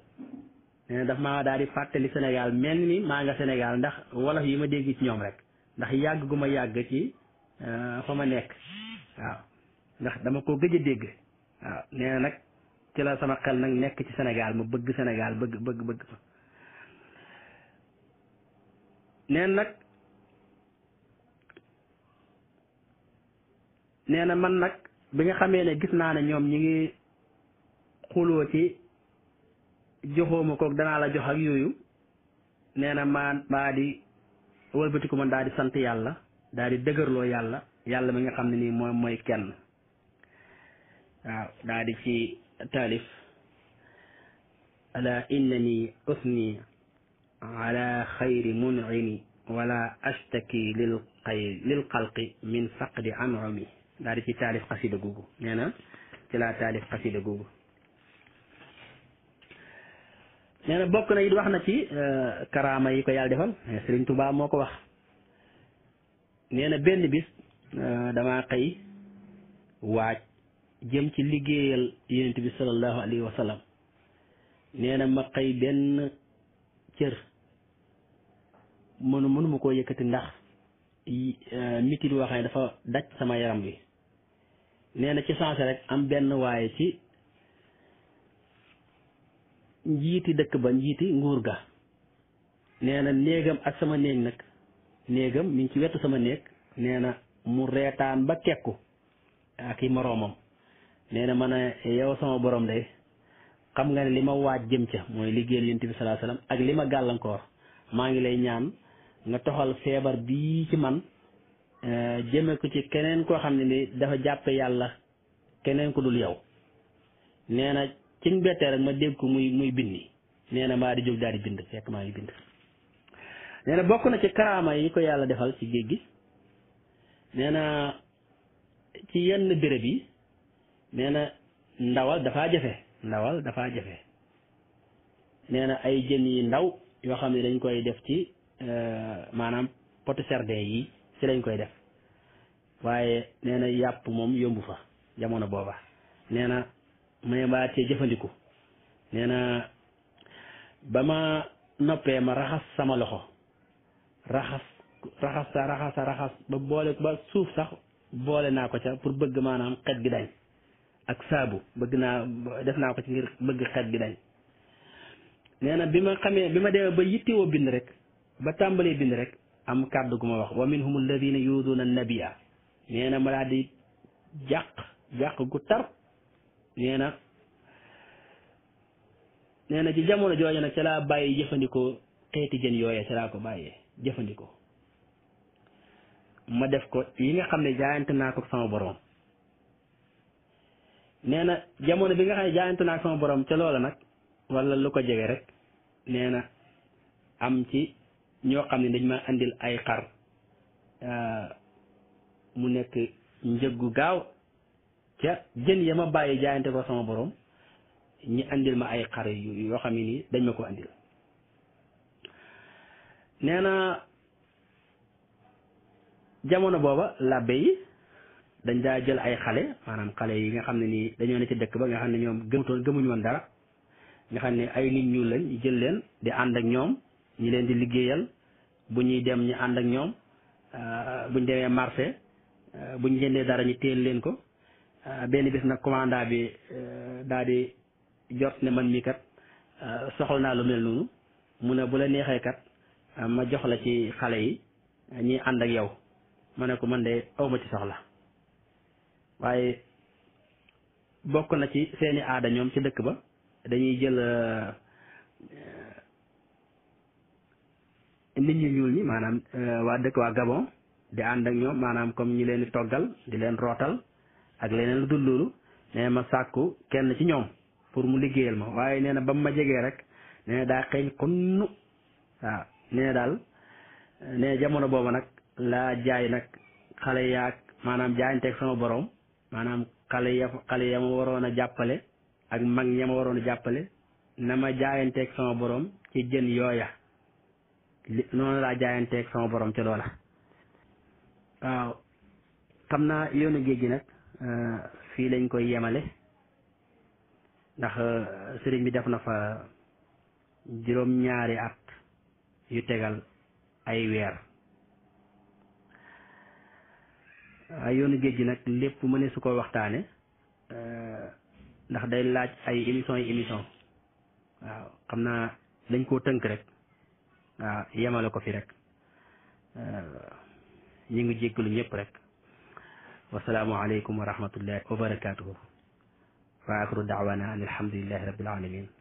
nee na daf maa daal di fàttali Sénégal mel ni maa nga Sénégal ndax wolof yi ma dégg ci ñoom rek ndax yàgg gu ma yàgg ci euh, fa ma nekk waaw ndax dama ko gëj dégg waaw nee nag ci la sama xel nag nekk ci Sénégal ma bëgg Sénégal bëgg bëgg bëgg fa nag nee na man nag bi nga xamee ne gis naa ne ñoom ñi ngi xuloo ci joxooma koog danaa la jox ak yooyu nee na maa maa di wëlbatiku man daal di sant yàlla daal di dëgërloo yàlla yàlla bi nga xam ne nii mooy mooy kenn waaw daal di ci taalif ala innani usni ala xayri mun'imi wala ashtaki lil xay lil xalqi min faqdi an'umi daal di ci taalif xasida googu nee ci laa taalif xasida googu nee bokk na it wax na ci euh, karaama yi ko yàlla defal eh, Sëriñ Tuubaa moo ko wax nee na benn bis euh, damaa xëy waaj jëm ci liggéeyal yonent bi sallallahu alayhi wa sallam ma xëy benn cër mënu mënuma koo yëkkati ndax euh, mitit woo dafa daj sama yaram bi nee na ci sanse rek am benn waaye ci njiiti dëkk ba njiiti nguur ga nee na néegam ak sama néeg nag néegam mi ngi ci wetu sama néeg nee na mu reetaan ba kekku ak i moroomam nee na ma ne yow sama borom de xam nga ne li ma waaj jëm ca mooy liggéeyal yonent bi salaa salaam ak li ma gàllankoor maa ngi lay ñaan nga toxal feebar bii ci man Euh, jëme ko ci keneen koo xam ne ni dafa jàpp yàlla keneen ku dul yow nee na ci mbettee rek ma dégg ko muy muy bindi nee na maa di jóg daal di bind fekk maa ngi bind nee bokk na ci karaama yi ko yàlla defal ci géej gi nee na ci yenn béréb yi nee na ndawal dafaa jafe ndawal dafaa jafe nee na ay jën yi ndaw yoo xam ne dañ koy def ci euh, maanaam potu sardin yi ci lañ koy def waaye nee na yàpp moom yombu fa jamono booba nee na may mbaa cee jëfandiku nee na ba ma noppee ma raxas sama loxo raxas raxas sa raxas ba boole ba suuf sax boole naa ko ca pour bëgg maanaam xet gi dañ ak saabu bëgg naa def naa ko ci ngir bëgg xet gi dañ nee na bi ma xamee bi ma demee ba yittewoo bind rek ba tàmbalee bind rek am kàdd gu ma wax wa minhum alladina yuuduuna annabiya nee na ma daal di jàq jàq gu tar nee na nee na ci jamono jooju nag ca laa jëfandikoo xeeti jën yooyee ca bàyyee jëfandikoo ma def ko yi nga xam ne jaayante naa ko sama boroom nee na jamono bi nga xam ne jaayante naa ko sama borom ca loola nag walla lu ko jege rek nee na am ci ñoo xam ne dañ ma indil ay xar euh, mu nekk njëggu gaaw ca jën ya ma bàyyi jaayante ko sama boroom ñi andil ma ay xar yoo xam ne nii dañ ma ko andil nee na jamono booba labbe yi dañ daa jël ay xale maanaam xale yi nga xam ne nii dañoo ne ci dëkk ba nga xam ne ñoom gëmutoon gëmuñu woon dara nga xam ne ay nit ñu lañ jël leen di ànd ak ñoom ñi leen di liggéeyal bu ñuy dem ñu ànd ak ñoom euh, buñ demee marché euh, buñ jëndee dara ñu teel leen ko euh, benn bis na commandant bi daal di jot ne man mii kat soxla naa lu mel noonu mu ne bu la neexee kat ma jox la ci xale yi ñuy ànd ak yow ma ne ko man de awma ci soxla waaye bokk na ci seeni aada ñoom ci dëkk ba dañuy jël nit ñu ñuul ñi maanaam euh, waa dëkk waa Gabon di ànd ak ñoom maanaam comme ñi leen di toggal di leen rootal ak leneen lu dul loolu nee ma sàkku kenn ci ñoom pour mu liggéeyal ma waaye nee na ba mu ma jegee rek nee na daa xeeñ xunnu waaw nee daal nee jamono booba nag laa jaay nag xale yaag maanaam jaayanteeg sama borom maanaam xale ya xale ya ma waroon a jàppale ak mag ña ma waroon a jàppale na ma jaayanteeg sama borom ci jën yooya li noonu laa jaayanteeg sama boroom ca loola waaw xam naa yoonu géej gi nag euh, fii lañ koy yemale ndax euh, sëriñ bi def na fa juróom-ñaari at yu tegal ay weer ay yoonu géej gi nag lépp mëne su ko waxtaane euh, ndax day laaj ay émission yi émission waaw xam naa dañ koo tënk rek waaw ah, yemale ko fi rek ah, ñu ngi jéggalu ñëpp rek wasalaamu aleykum wa rahmatullahi wa barakatuhu wa axiru daawana an alhamdulillahi rabbil alamin